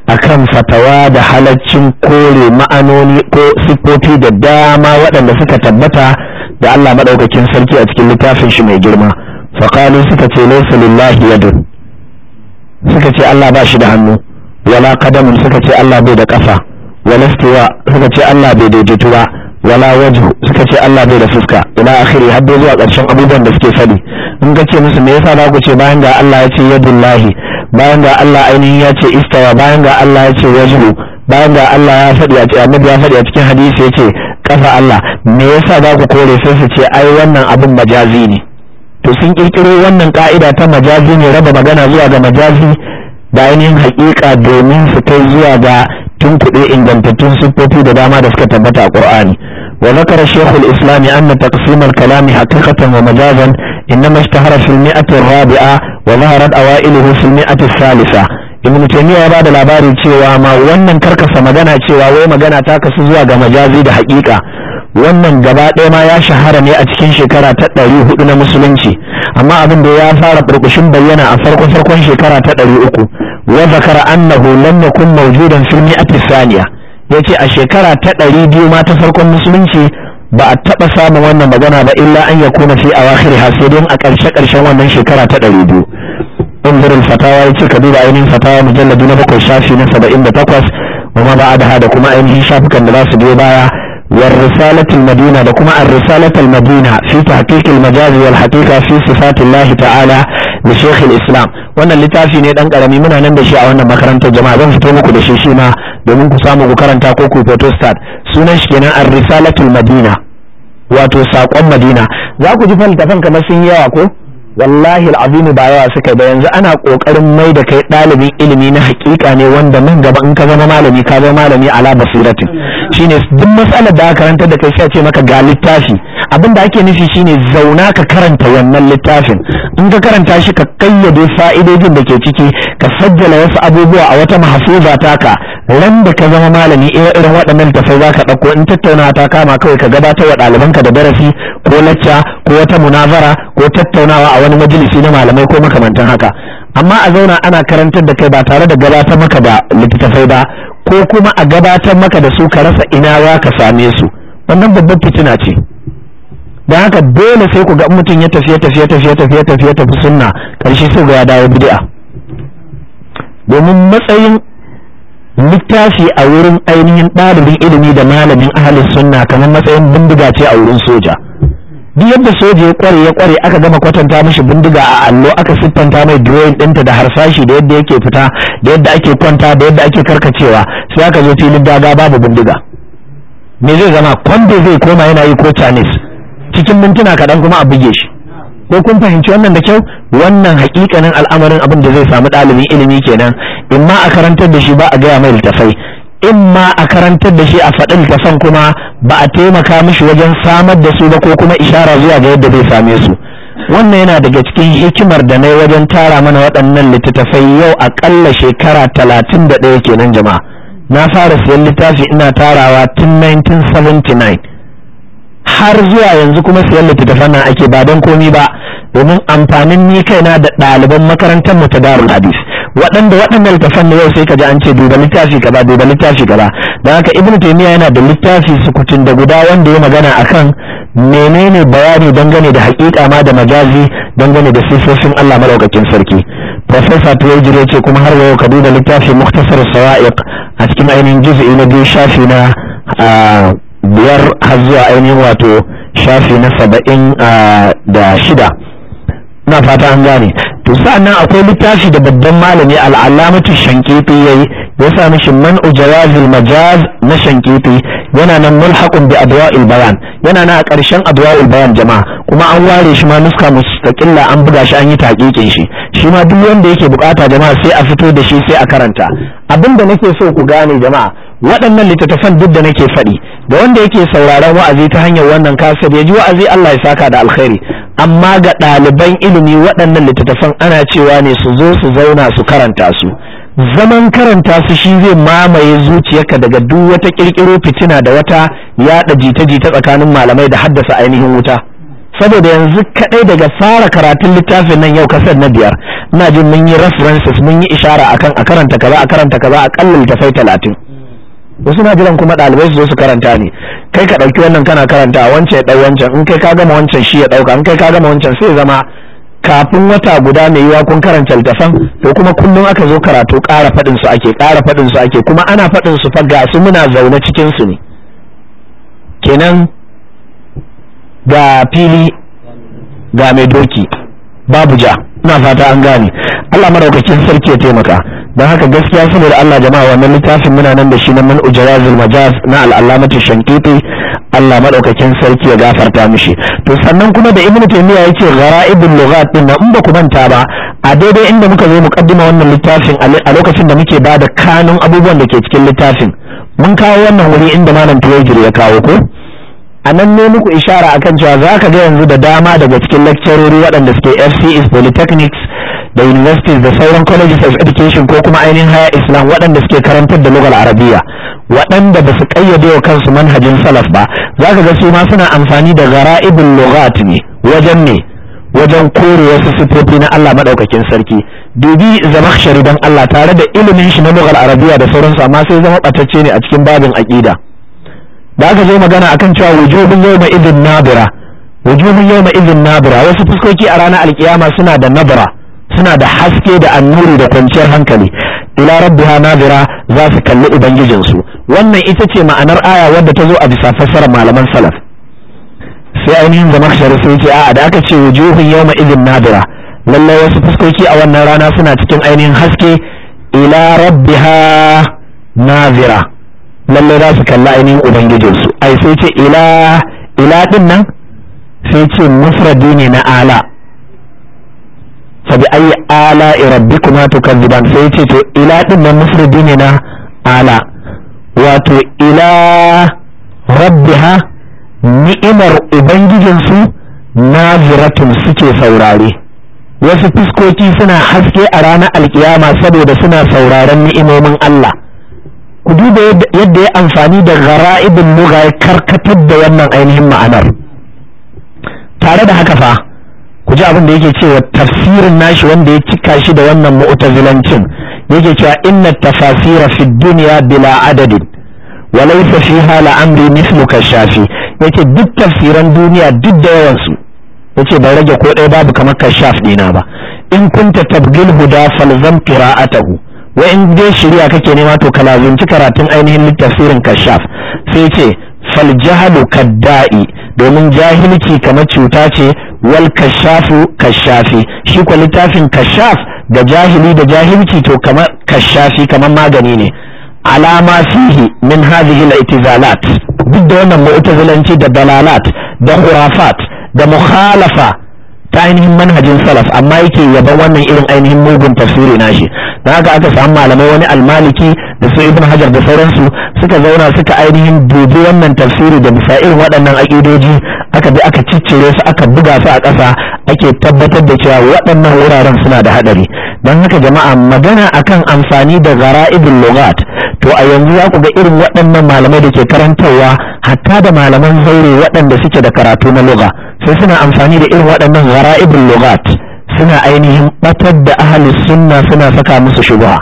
akan fatawa da halaccin kore ma'anoni ko sifofi da dama waɗanda suka tabbata da Allah maɗaukakin sarki a cikin littafin shi mai girma faƙalu suka ce laysa lillahi yadun suka ce Allah ba shi da hannu wala qadamun suka ce Allah bai da ƙafa wala istiwa suka ce Allah bai daidaitu ba wala waju suka ce Allah bai da fuska ila akhiri har zuwa ƙarshen abubuwan da suke faɗi in ka ce musu me yasa ba ku ce bayan da Allah ya ce yadullahi bayan ga Allah ainihin ya ce istawa bayan ga Allah ya ce wajhu bayan ga Allah ya faɗi a annabi ya faɗi a cikin hadisi ya ce kafa Allah me yasa za ku kore sai su ce ai wannan abin majazi ne to sun kirkiro wannan ka'ida ta majazi ne raba magana zuwa ga majazi da ainihin haƙiƙa domin su kai zuwa ga tunkuɗe ingantattun siffofi da dama da suka tabbata a Qur'ani wa zakara shaykhul islam anna taqsim al-kalam haqiqatan wa majazan إنما اشتهر في المئة Rabi'a? wa zaharar awailuhu fil mi'ati salisa ibn taymiya ya bada labari cewa ma wannan karkasa magana cewa wai magana ta kasu zuwa ga majazi da haƙiƙa wannan gaba ɗaya ma ya shahara ne a cikin shekara ta ɗari hudu na musulunci amma abin da ya fara burkushin bayyana a farkon farkon shekara ta ɗari uku wa zakara annahu lam yakun mawjudan fil mi'ati thaniya yace a shekara ta ɗari biyu ma ta farkon musulunci ba a taɓa samun wannan magana ba illa an ya kuna fi awakhir don a ƙarshe ƙarshen wannan shekara ta ɗari biyu zirin fatawa ya ce ka duba ainihin fatawa mujalladu na bakwai shafi na saba'in da takwas wa ba a da da kuma ainihin shafukan da za su biyo baya war risalatul madina da kuma ar risalatul madina fi tahqiqil majazi wal haqiqa fi sifatillahi ta'ala da shekul islam wannan littafi ne dan karami muna nan da shi a wannan makarantar jama'a zan fito muku da shi shi ma domin ku samu ku karanta ko ku photostat sunan shi kenan ar-risalatul madina wato sakon madina za ku ji faltafan kamar sun yawa ko wallahi al'azimi ba yawa suka ba yanzu ana kokarin mai da kai ɗalibin ilimi na hakika ne wanda nan gaba in ka zama malami ka zama malami ala basiratin shine duk matsalar da karanta da kai sai ce maka ga littafi abin da ake nufi shine zauna ka karanta wannan littafin in ka karanta shi ka kayyade fa'idojin da ke ciki ka sajjala wasu abubuwa a wata mahafuza taka ran ka zama malami irin waɗannan tafai za ka ɗauko in tattaunawa ta kama kawai ka gabatar wa ɗalibanka da darasi ko lacca ko wata munazara ko tattaunawa a wani majalisi na malamai ko makamantan haka amma a zauna ana karantar da kai ba tare da gabatar maka da littattafai ba ko kuma a gabatar maka da su ka rasa ina za ka same su wannan babban fitina ce don haka dole sai ku ga mutum ya tafiye tafiye tafiye tafiye tafiye tafi sunna karshe sai ga ya dawo bid'a domin matsayin littafi a wurin ainihin ɗalibin ilimi da malamin ahalin sunna kamar matsayin bindiga ce a wurin soja duk yadda soja ya kware ya kware aka gama kwatanta mishi bindiga a allo aka siffanta mai drawing ɗinta da harsashi da yadda yake fita da yadda ake kwanta da yadda ake karkacewa sai aka zo filin daga babu bindiga me zai zama kwando zai koma yana yi ko canis cikin mintuna kaɗan kuma a buge shi ko kun fahimci wannan da kyau wannan hakikanin al'amarin abin da zai samu ɗalibin ilimi kenan in ma a karantar da shi ba a gaya mai littafai in ma a karantar da shi a faɗi littafan kuma ba a taimaka mishi wajen samar da su ba ko kuma ishara zuwa ga yadda zai same su wannan yana daga cikin hikimar da na wajen tara mana waɗannan littattafai yau aƙalla shekara talatin da ɗaya kenan jama'a na fara siyan littafi ina tarawa tun 1979 har zuwa yanzu kuma siyan littattafan ake ba don komi ba domin amfanin ni kaina da ɗaliban makarantar mu ta darul hadis waɗanda waɗannan littattafan ne yau sai ka ji an ce duba littafi kaza duba littafi kaza don haka ibnu taymiya yana da littafi sukutun da guda wanda ya magana akan menene bayani dangane da haƙiƙa ma da majazi dangane da sifofin Allah madaukakin sarki Profesa Tuwajiri ce kuma har yau ka duba littafi muktasar sawa'iq a cikin ainihin juz'i na biyu shafi na ah, biyar har zuwa ainihin wato shafi na saba'in ah, da shida na fata an gane to sa'annan akwai littafi da babban malami al'alamatu shankiti yayi ya sa mishi man ujawazil majaz na shankiti yana nan mulhaqun bi adwa'il bayan yana nan a ƙarshen adwa'il bayan jama'a kuma an ware shi ma nuska mustaqilla an buga shi an yi taƙiƙin shi shi ma duk wanda yake bukata jama'a sai a fito da shi sai a karanta abinda nake so ku gane jama'a waɗannan littattafan duk da nake faɗi da wanda yake sauraron wa'azi ta hanyar wannan kasar ya ji wa'azi Allah ya saka da alkhairi amma ga ɗaliban ilimi waɗannan littattafan ana cewa ne su zo su zauna su karanta su zaman karanta su shi zai mamaye zuciyarka daga duk wata kirkiro fitina da wata yaɗa jita-jita tsakanin malamai da haddasa ainihin wuta saboda yanzu kaɗai daga fara karatun littafin nan yau kasar na biyar na jin mun yi references mun yi ishara akan a karanta kaza a karanta kaza akalla littafai talatin wasu na jiran kuma ɗalibai su zo su karanta ne kai ka ɗauki wannan kana karanta wancan ya ɗau wancan in kai ka gama wancan shi ya ɗauka in kai ka gama wancan sai zama kafin wata guda mai yiwa kun karanta littafan to kuma kullum aka zo karatu ƙara faɗin su ake ƙara faɗin su ake kuma ana faɗin su fa ga su muna zaune cikin su ne kenan ga fili ga mai doki babu ja ina fata an gane Allah madaukakin sarki ya taimaka don haka gaskiya saboda Allah jama'a wannan littafin muna nan da shi na man ujrazul majaz na al'alamatu shankiti Allah madaukakin sarki ya gafarta mishi to sannan kuma da ibnu taymiya yake gharaibul lughat din in ba ku manta ba a daidai inda muka zo muqaddima wannan littafin a lokacin da muke bada kanun abubuwan da ke cikin littafin mun kawo wannan wuri inda malam Tuwajir ya kawo ko a nan ne muku ishara akan cewa za ka ga yanzu da dama daga cikin lakcarori waɗanda suke fcs polytechnics da universities da sauran colleges of education ko kuma ainihin haya islam waɗanda suke karantar da lugar arabiya waɗanda ba su ƙayyade wa kansu manhajin salaf ba za ka ga su ma suna amfani da gara'ibin lugat ne wajen ne wajen kore wasu sifofi na Allah maɗaukakin sarki dubi zamakshari don Allah tare da ilimin shi na lugar arabiya da sauransu amma sai zama ɓatacce ne a cikin babin aƙida da aka zo magana akan cewa wujuhun yawma idin nabira wujuhun idin nabira wasu fuskoki a ranar alkiyama suna da nabira suna da haske da annuri da kwanciyar hankali ila rabbiha nabira za su kalli ubangijinsu wannan ita ce ma'anar aya wadda ta zo a bisa fassarar malaman salaf sai ainihin zamakshari sun ce a'a da aka ce wujuhun yawma idin nabira lallai wasu fuskoki a wannan rana suna cikin ainihin haske ila rabbiha nazira lallai za su kalli ainihin ubangijinsu ai sai ce ila ila din nan sai ce mufradi ne na ala sabi ayi ala kan zuba sai ce to ila din nan mufradi ne na ala wato ila rabbiha ni'imar ubangijinsu naziratun suke saurare wasu fuskoki suna haske a ranar alkiyama saboda suna sauraron ni'imomin Allah ku duba yadda ya amfani da gara'ibin luga ya karkatar da wannan ainihin ma'anar tare da haka fa ku ji abin da yake cewa tafsirin nashi wanda ya cika shi da wannan mu'tazilancin yake cewa inna tafasira fi dunya bila adadin wa laysa fiha la amri mithluka shafi yake duk tafsiran duniya duk da yawan su yace ban rage ko ɗaya babu kamar kashaf dina ba in kunta tabgil huda falzam qira'atahu wa in dai shari'a kake nema to ka kalazunci karatun ainihin tafsirin kashaf sai ce fal jahadu kadda'i domin jahilci kamar cuta ce wal kashafu kashafi shi ko littafin kashaf da jahili da jahilci to kamar kashafi kamar magani ne alama fihi min hadhihi al-i'tizalat duk da wannan mu'tazilanci da dalalat da khurafat da mukhalafa ta ainihin manhajin salaf amma yake yaban wannan irin ainihin mugun tafsiri nashi don haka aka samu malamai wani almaliki da su ibn hajar da sauransu suka zauna suka ainihin dubi wannan tafsiri da bisa irin waɗannan aƙidoji aka bi aka ciccire su aka buga su a ƙasa ake tabbatar da cewa waɗannan wuraren suna da haɗari don haka jama'a magana akan amfani da gara'ibin lugat to a yanzu za ku ga irin waɗannan malamai da ke karantarwa hatta da malaman zaure waɗanda suke da karatu na loga sai suna amfani da irin waɗannan garaibin lugat suna ainihin ɓatar da ahli sunna suna saka musu shubha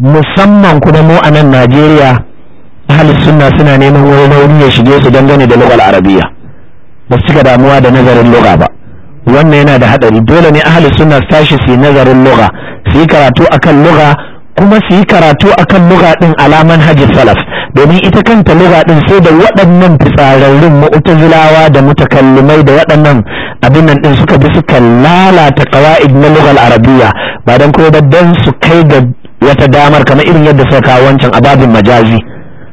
musamman kuma mu a nan Najeriya ahli sunna suna neman wani rauni ya shige su dangane da lugar arabiya ba su cika damuwa da nazarin luga ba wannan yana da hadari dole ne ahli sunna su tashi su nazarin lugha su yi karatu akan lugha kuma su yi karatu akan lugha din alaman haji salaf domin ita kanta lugha din sai da waɗannan fitsararrun mu'tazilawa da mutakallimai da waɗannan abin nan din suka bi suka lalata qawaid na lughal arabiya ba dan kuma ba dan su kai ga wata damar kamar irin yadda suka kawo wancan ababin majazi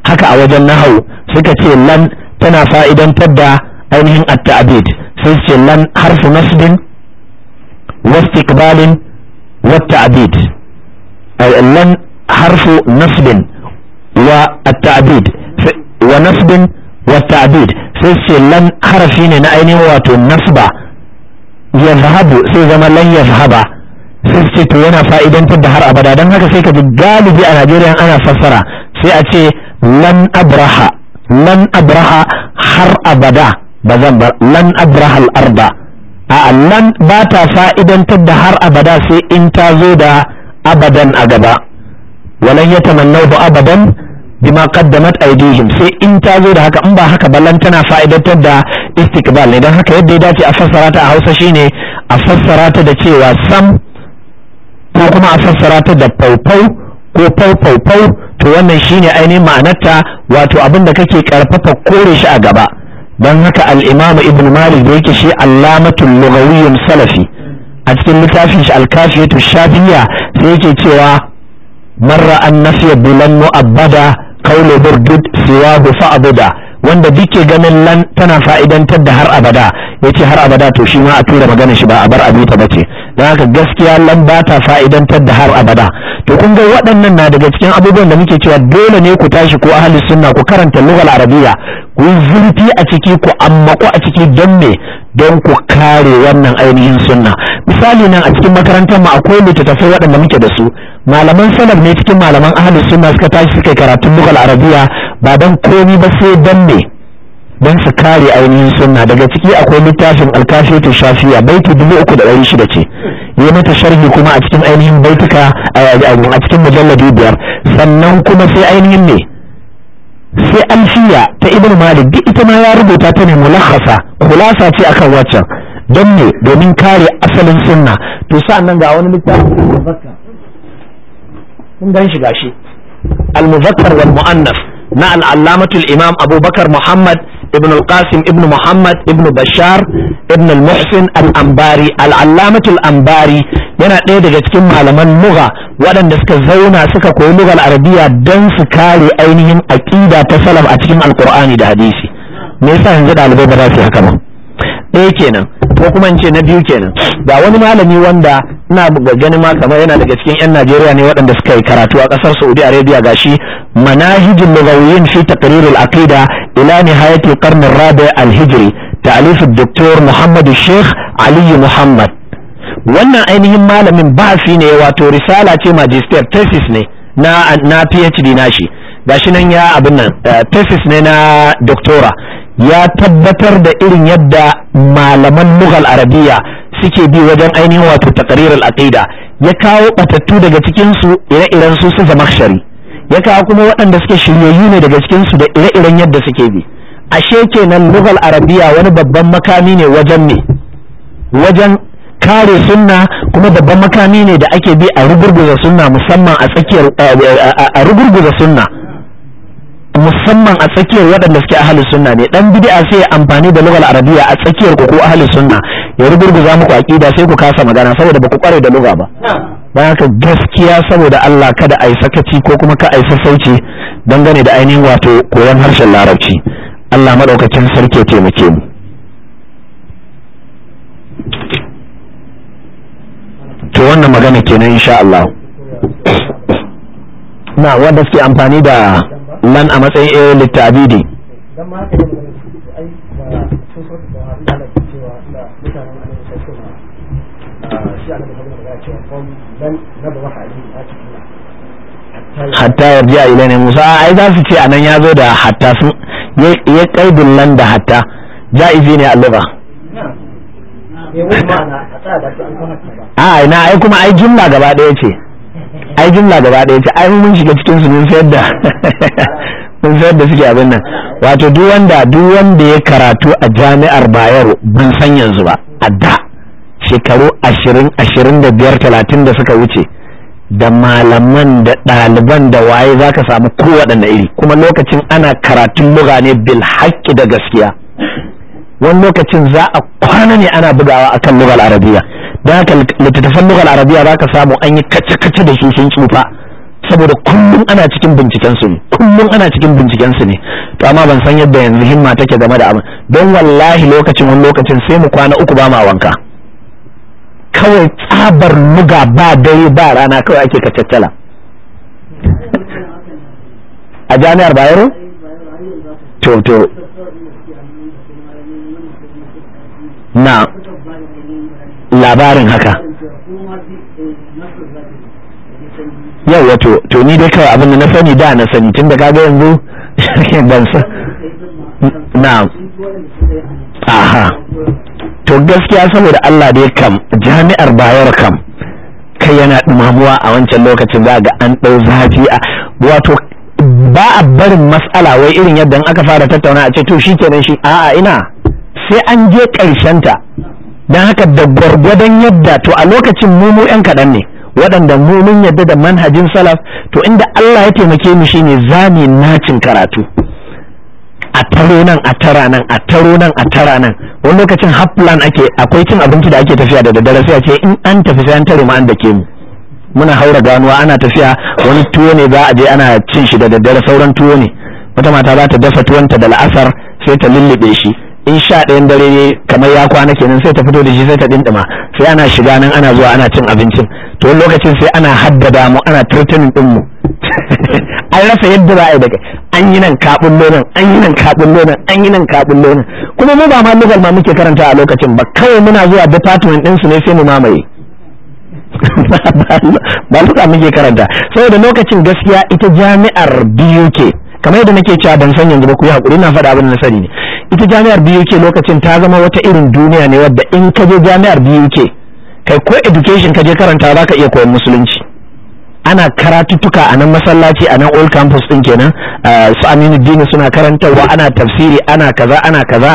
haka a wajen nahau suka ce lan tana fa'idantar da ainihin at-ta'bid sai ce lan harfu nasbin wa istiqbalin wa ta'bid lan harfu nasbin wa at-ta'bid wa nasbin wa ta'bid sai ce lan harafi ne na ainihin wato nasba yazhabu sai zama lan yazhaba sai su ce to yana fa'idantar da har abada don haka sai ka ji galibi a Najeriya ana fassara sai a ce lan abraha lan abraha har abada ba zan bar lan abraha al'arba a lan ba ta fa'idantar da har abada sai in ta zo da abadan a gaba walan ya ba abadan bima qaddamat aydihim sai in ta zo da haka in ba haka ba lan tana fa'idantar da istiqbal ne don haka yadda ya dace a fassara ta a Hausa shine a fassara ta da cewa sam ko kuma a fassara ta da faufau ko faufaufau to wannan shine ainihin ma'anarta wato abin da kake karfafa kore shi a gaba don haka al-imamu ibn malik da yake shi allamatul lughawiyyun salafi a cikin littafin shi al-kafiyatu shafiyya sai yake cewa marra an nafiya bilan mu'abbada qawlu burdud siwahu fa'buda wanda duke ganin lan tana fa'idantar da har abada yace har abada to shi ma a tura magana shi ba a bar abita bace Da haka gaskiya lamba ta fa'idantar da har abada to kun ga waɗannan na daga cikin abubuwan da muke cewa dole ne ku tashi ko ahli sunna ku karanta lugal arabiya ku yi zurfi a ciki ku ammaku a ciki don me don ku kare wannan ainihin sunna misali nan a cikin makarantar mu akwai littattafai waɗanda muke da su malaman salaf ne cikin malaman ahli sunna suka tashi suka karatun lugal arabiya ba don komi ba sai don me don su kare ainihin sunna daga ciki akwai littafin alkafiyatu shafiya baiti dubu uku da ɗari shida ce yi mata sharhi kuma a cikin ainihin baituka a cikin mujalladi biyar sannan kuma sai ainihin ne sai alfiya ta ibn malik duk ita ma ya rubuta ta ne mulakhasa khulasa ce akan waccan don ne domin kare asalin sunna to nan ga wani littafin kun gan shi gashi al-muzakkar wal mu'annas na al'allamatul imam abubakar muhammad ibn al-qasim ibn muhammad ibn bashar ibn al-muhsin al-ambari al'allamatul ambari yana ɗaya daga cikin malaman lugha waɗanda suka zauna suka koyi lugar arabiya don su kare ainihin aƙida ta salaf a cikin alƙur'ani da hadisi me yasa yanzu ɗalibai ba za su haka ba ɗaya kenan ko kuma in ce na biyu kenan ga wani malami wanda ina ganin ma kamar yana daga cikin yan Najeriya ne waɗanda suka yi karatu a ƙasar Saudi Arabia gashi manahijul lughawiyyin fi taqrir al-aqida ila nihayati al-qarn ar-rabi' al-hijri ta'alif ad-doktor Muhammad Sheikh Ali Muhammad wannan ainihin malamin ba'asi ne wato risala ce magister thesis ne na na PhD nashi gashi nan ya abin nan eh, thesis ne na doctora ya tabbatar da irin yadda malaman lugal arabiya suke bi wajen ainihin wato takarirar aqida ya kawo batattu daga cikin su ire-iren su su zamakshari ya kawo kuma waɗanda suke shiryayyu ne daga cikin su da ire-iren yadda suke bi ashe kenan lugal arabiya wani babban makami ne wajen ne wajen kare sunna kuma babban makami ne da ake bi a rugurguza sunna musamman a tsakiyar a rugurguza sunna musamman a tsakiyar waɗanda suke ahli sunna ne dan bid'a sai amfani da lugal arabiya a tsakiyar ku ko ahli sunna ya za muku aqida sai ku kasa magana saboda ba ku kware da lugha ba dan haka gaskiya saboda Allah kada ai sakaci ko kuma ka ai sassauci dangane da ainihin wato koyon harshen larabci Allah madaukakin sarki ya taimake mu to wannan magana kenan insha Allah na wanda suke amfani da lan a matsayin eh littabidi ah, hatta ila ne musa ai za su ce anan ya zo da hatta sun ya kaidin nan da hatta ja'izi ne a lugha a ah, ina ai kuma ai jumla gaba daya ce ai jumla gaba ɗaya ce ai mun shiga cikin su mun sayar da *laughs* mun sayar da suke abin nan wato duk wanda duk wanda ya karatu a jami'ar Bayero ban san yanzu ba a da shekaru ashirin ashirin da da suka wuce da malaman da ɗaliban da waye za ka samu kowaɗanne iri kuma lokacin ana karatun buga ne bil haƙƙi da gaskiya wani lokacin za a kwana ne ana bugawa akan lugal arabiya don haka littattafan lugar arabiya za ka samu an yi kace-kace da su sun tsufa saboda kullum ana cikin binciken su ne kullum ana cikin binciken su ne to amma ban san yadda yanzu himma take game da abin don wallahi lokacin wani lokacin sai mu kwana uku ba ma wanka kawai tsabar muga ba dare ba rana kawai ake kacaccala a jami'ar bayero to to na labarin haka yau wato to ni dai kawai abin da na sani da na sani tun da kaga yanzu *laughs* ban na aha to gaskiya saboda Allah dai kam jami'ar bayar kam kai yana dumamuwa a wancan lokacin za ga an ɗau zafi a wato ba a barin matsala wai irin yadda aka fara tattauna a ce to shi kenan shi a'a ina sai an je karshen ta. don haka da gwargwadon yadda to a lokacin mu yan kaɗan ne waɗanda mumun mun yadda da manhajin salaf to inda Allah ya taimake mu shine zami nacin karatu a taro nan a tara nan a taro nan a tara nan wani lokacin haplan ake akwai cin abinci da ake tafiya da daddare sai a ce in an tafi sai an tare mu an dake mu muna haura ganuwa ana tafiya wani tuwo ne za a je ana cin shi da daddare sauran tuwo ne wata mata za ta dafa ta da la'asar sai ta lullube shi in sha ɗayan dare ne kamar ya kwana kenan sai ta fito da shi sai ta ɗinɗima sai ana shiga nan ana zuwa ana cin abincin to wani lokacin sai ana haddada mu ana tartanin ɗin mu *laughs* an rasa yadda za a yi daga an yi nan kaɓin lonan an yi nan kaɓin lonan an yi nan kaɓin lonan kuma mu ba ma lokal ma muke karanta a lokacin ba kawai muna zuwa department ɗin su ne sai mu mamaye *laughs* ba lugal muke karanta saboda lokacin gaskiya ita jami'ar biyu ke kamar yadda nake cewa ban san yanzu ba ku yi haƙuri ina faɗa abin na sani ne ita jami'ar BUK lokacin ta zama wata irin duniya ne wadda in ka je jami'ar BUK kai ko education ka je karanta za ka iya koyon musulunci ana karatuttuka a nan masallaci a nan old campus din kenan ah, su aminu dini suna karantarwa ana tafsiri ana kaza ana kaza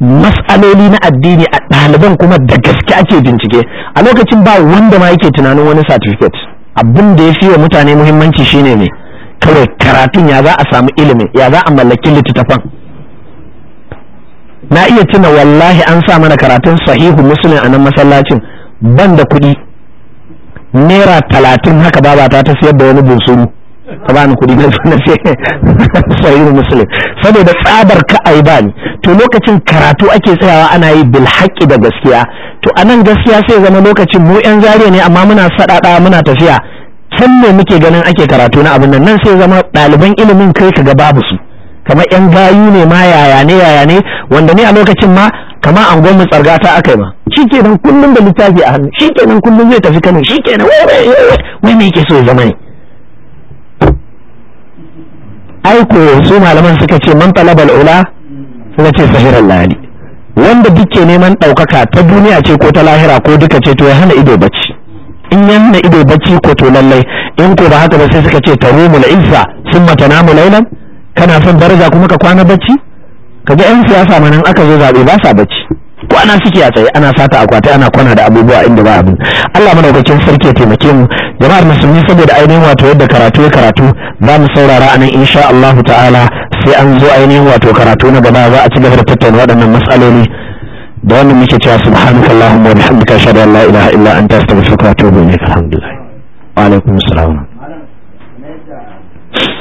mas'aloli na addini a ɗaliban kuma da gaske ake bincike a lokacin ba wanda ma yake tunanin wani certificate abin da ya fi wa mutane muhimmanci shine ne kawai karatun ya za a samu ilimi ya za a mallaki littattafan na iya tuna wallahi an sa mana karatun sahihu muslim a nan masallacin ban da kuɗi naira talatin haka babata ta sayar da wani bunsuru ta bani kuɗi na na *laughs* sahihu muslim saboda tsabar ka ba ni to lokacin karatu ake tsayawa ana yi bil haƙƙi da gaskiya to a nan gaskiya sai zama lokacin mu yan zariya ne amma muna saɗaɗa muna tafiya can ne muke ganin ake karatu na abin nan nan sai zama ɗaliban ilimin kai ka ga babu su kamar yan gayu ne ma yaya ne yaya ne wanda ne a lokacin ma kamar an gwamnati tsarga ta aka yi ma Shi kenan kullum da littafi a hannu Shi kenan kullum zai tafi kano kenan wai me yake so ya zama ne aiko su malaman suka ce man talabal ula suka ce sahiran lali wanda duke neman ɗaukaka ta duniya ce ko ta lahira ko duka ce to ya hana ido bacci in ya hana ido bacci ko to lallai in ko ba haka ba sai suka ce ta rumu izza sun mata namu lailan kana son daraja kuma ka kwana bacci ka ga 'yan siyasa manan aka zo zaɓe ba sa bacci kwana suke a tsaye ana sata akwati ana kwana da abubuwa inda ba abin Allah madaukakin sarki ya taimake mu jama'ar musulmi saboda ainihin wato yadda karatu ya karatu za mu saurara anan insha Allah ta'ala sai an zo ainihin wato karatu na gaba za a ci gaba da tattauna waɗannan matsaloli da wannan muke cewa subhanakallahumma wa bihamdika ashhadu an la ilaha illa anta astaghfiruka wa atubu ilayk alhamdulillah wa alaikum assalam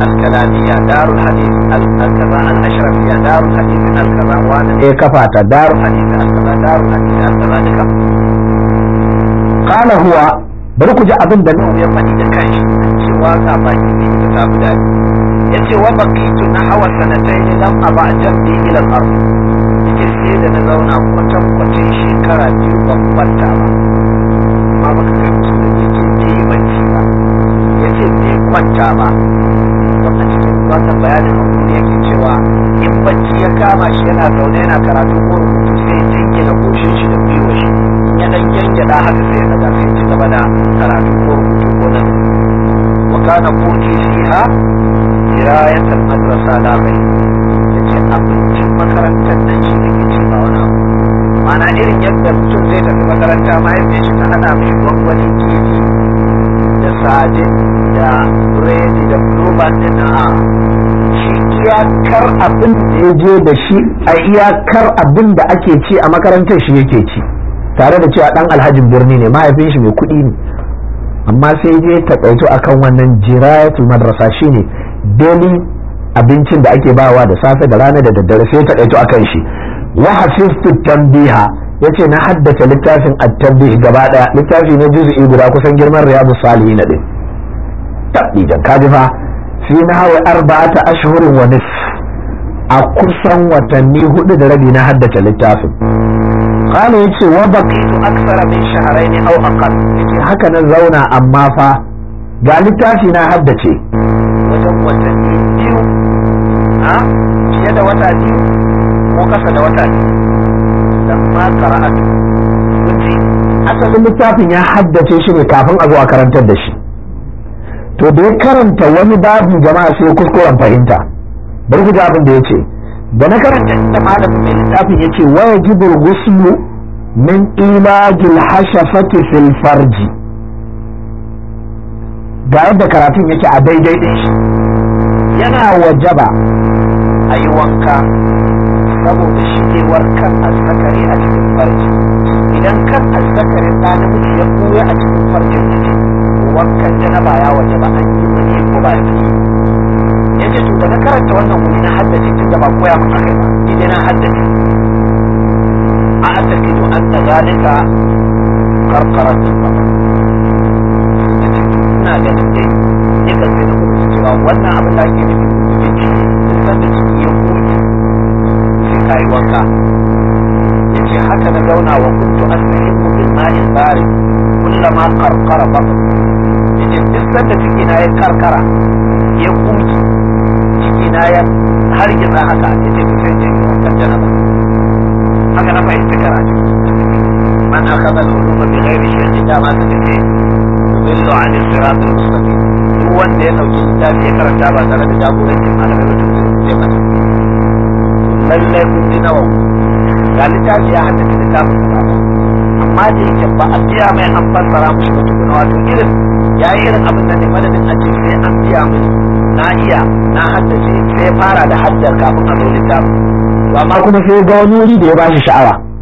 alkalamiya darul hadith kafa ta huwa bari ku ji abin da Nuhu ya faɗi da kanshi cewa ga baki ne da ta guda yace wa baqitu nahwa sanatayn lam aba jambi ila al-ard yake sai da na zauna kwatankwacin shekara biyu ban kwanta ba kai yace bai kwanta ba musamman a cikin wata bayanin da yake cewa in bacci ya kama shi yana zaune yana karatu ko rubutu sai da goshin shi da gwiwa shi ya dan da haka sai ya daga sai ci gaba da karatu ko rubutu ko nan wa kana kuti fiha dirayatul madrasa ya ghayr yace abincin makarantar da shi da ke ba wani abu ma'ana irin yadda mutum zai tafi makaranta ma mahaifiyar shi ta hada mishi gwangwani kifi Sajin da biredi da robar din a shi iyakar abin da ya je da shi a iyakar abin da ake ci a makarantar shi yake ci tare da cewa dan alhajin birni ne mahaifin shi mai kuɗi ne amma sai je a akan wannan jirayatul madrasa shine daily abincin da ake bawa da safe da rana da daddare sai takaito akan shi wa hafiztu tanbiha yace na haddace littafin attabbi gaba daya littafi ne juzu'i guda kusan girman riyadu salihin din tabbijan kaji fa fi nahwi arba'ata ashhurin wa nisf a kusan watanni hudu da rabi na haddace littafin ya yace wa baqitu aksara min shahrayn aw aqall yace haka na zauna amma fa ga littafi na haddace wajen watanni biyu ha fiye da wata biyu ko kasa da wata biyu asalin littafin ya haddace shi ne kafin a zo a karantar da shi to da ya karanta wani babu jama'a sai kuskuren fahimta bari ku ji abin da yace da na karanta inda malamin mai littafin yace wajibul ghuslu min ilajil hashafati fil farji ga yadda karatun yake a daidai din shi yana wajaba a yi wanka saboda shigewar kan azzakari a cikin farji idan kan azzakarin ɗa namiji ya ɓuya a cikin farjin mace wankan na baya waje ba an yi wani ko ba ya ce to da na karanta wannan wuri na haddace tun da ba koya min akai ba ni dai na haddace a atakidu an da zalika karkarar tuba yace ina ganin dai ne kan sai da kuma cewa wannan abin da ake nufi da ciki sun san da ciki ya وقع إني حكم اللون وكنت أسرح بالماء البارد كلما قرقر بطل إني انتسلت في جناية كركرة يقوج في جناية هرج الرأسة إني بجنجة تجنة أنا ما يتكرا من أخذ العلوم بغير شرد جامعة يضل عن الصراط المستقيم هو أن لو جزتا في كرة جابة سنة جابة ولكن ما لم يجب أن يكون lallai kun ji nawa ga littafi ya haddace littafin kaza amma da yake ba a biya mai an fassara mushi ba tukuna wato irin ya yi irin abin da ne madadin a ce sai an biya mai na iya na haddace sai fara da haddar kafin a zo littafin amma kuma sai ga wani wuri da ya ba shi sha'awa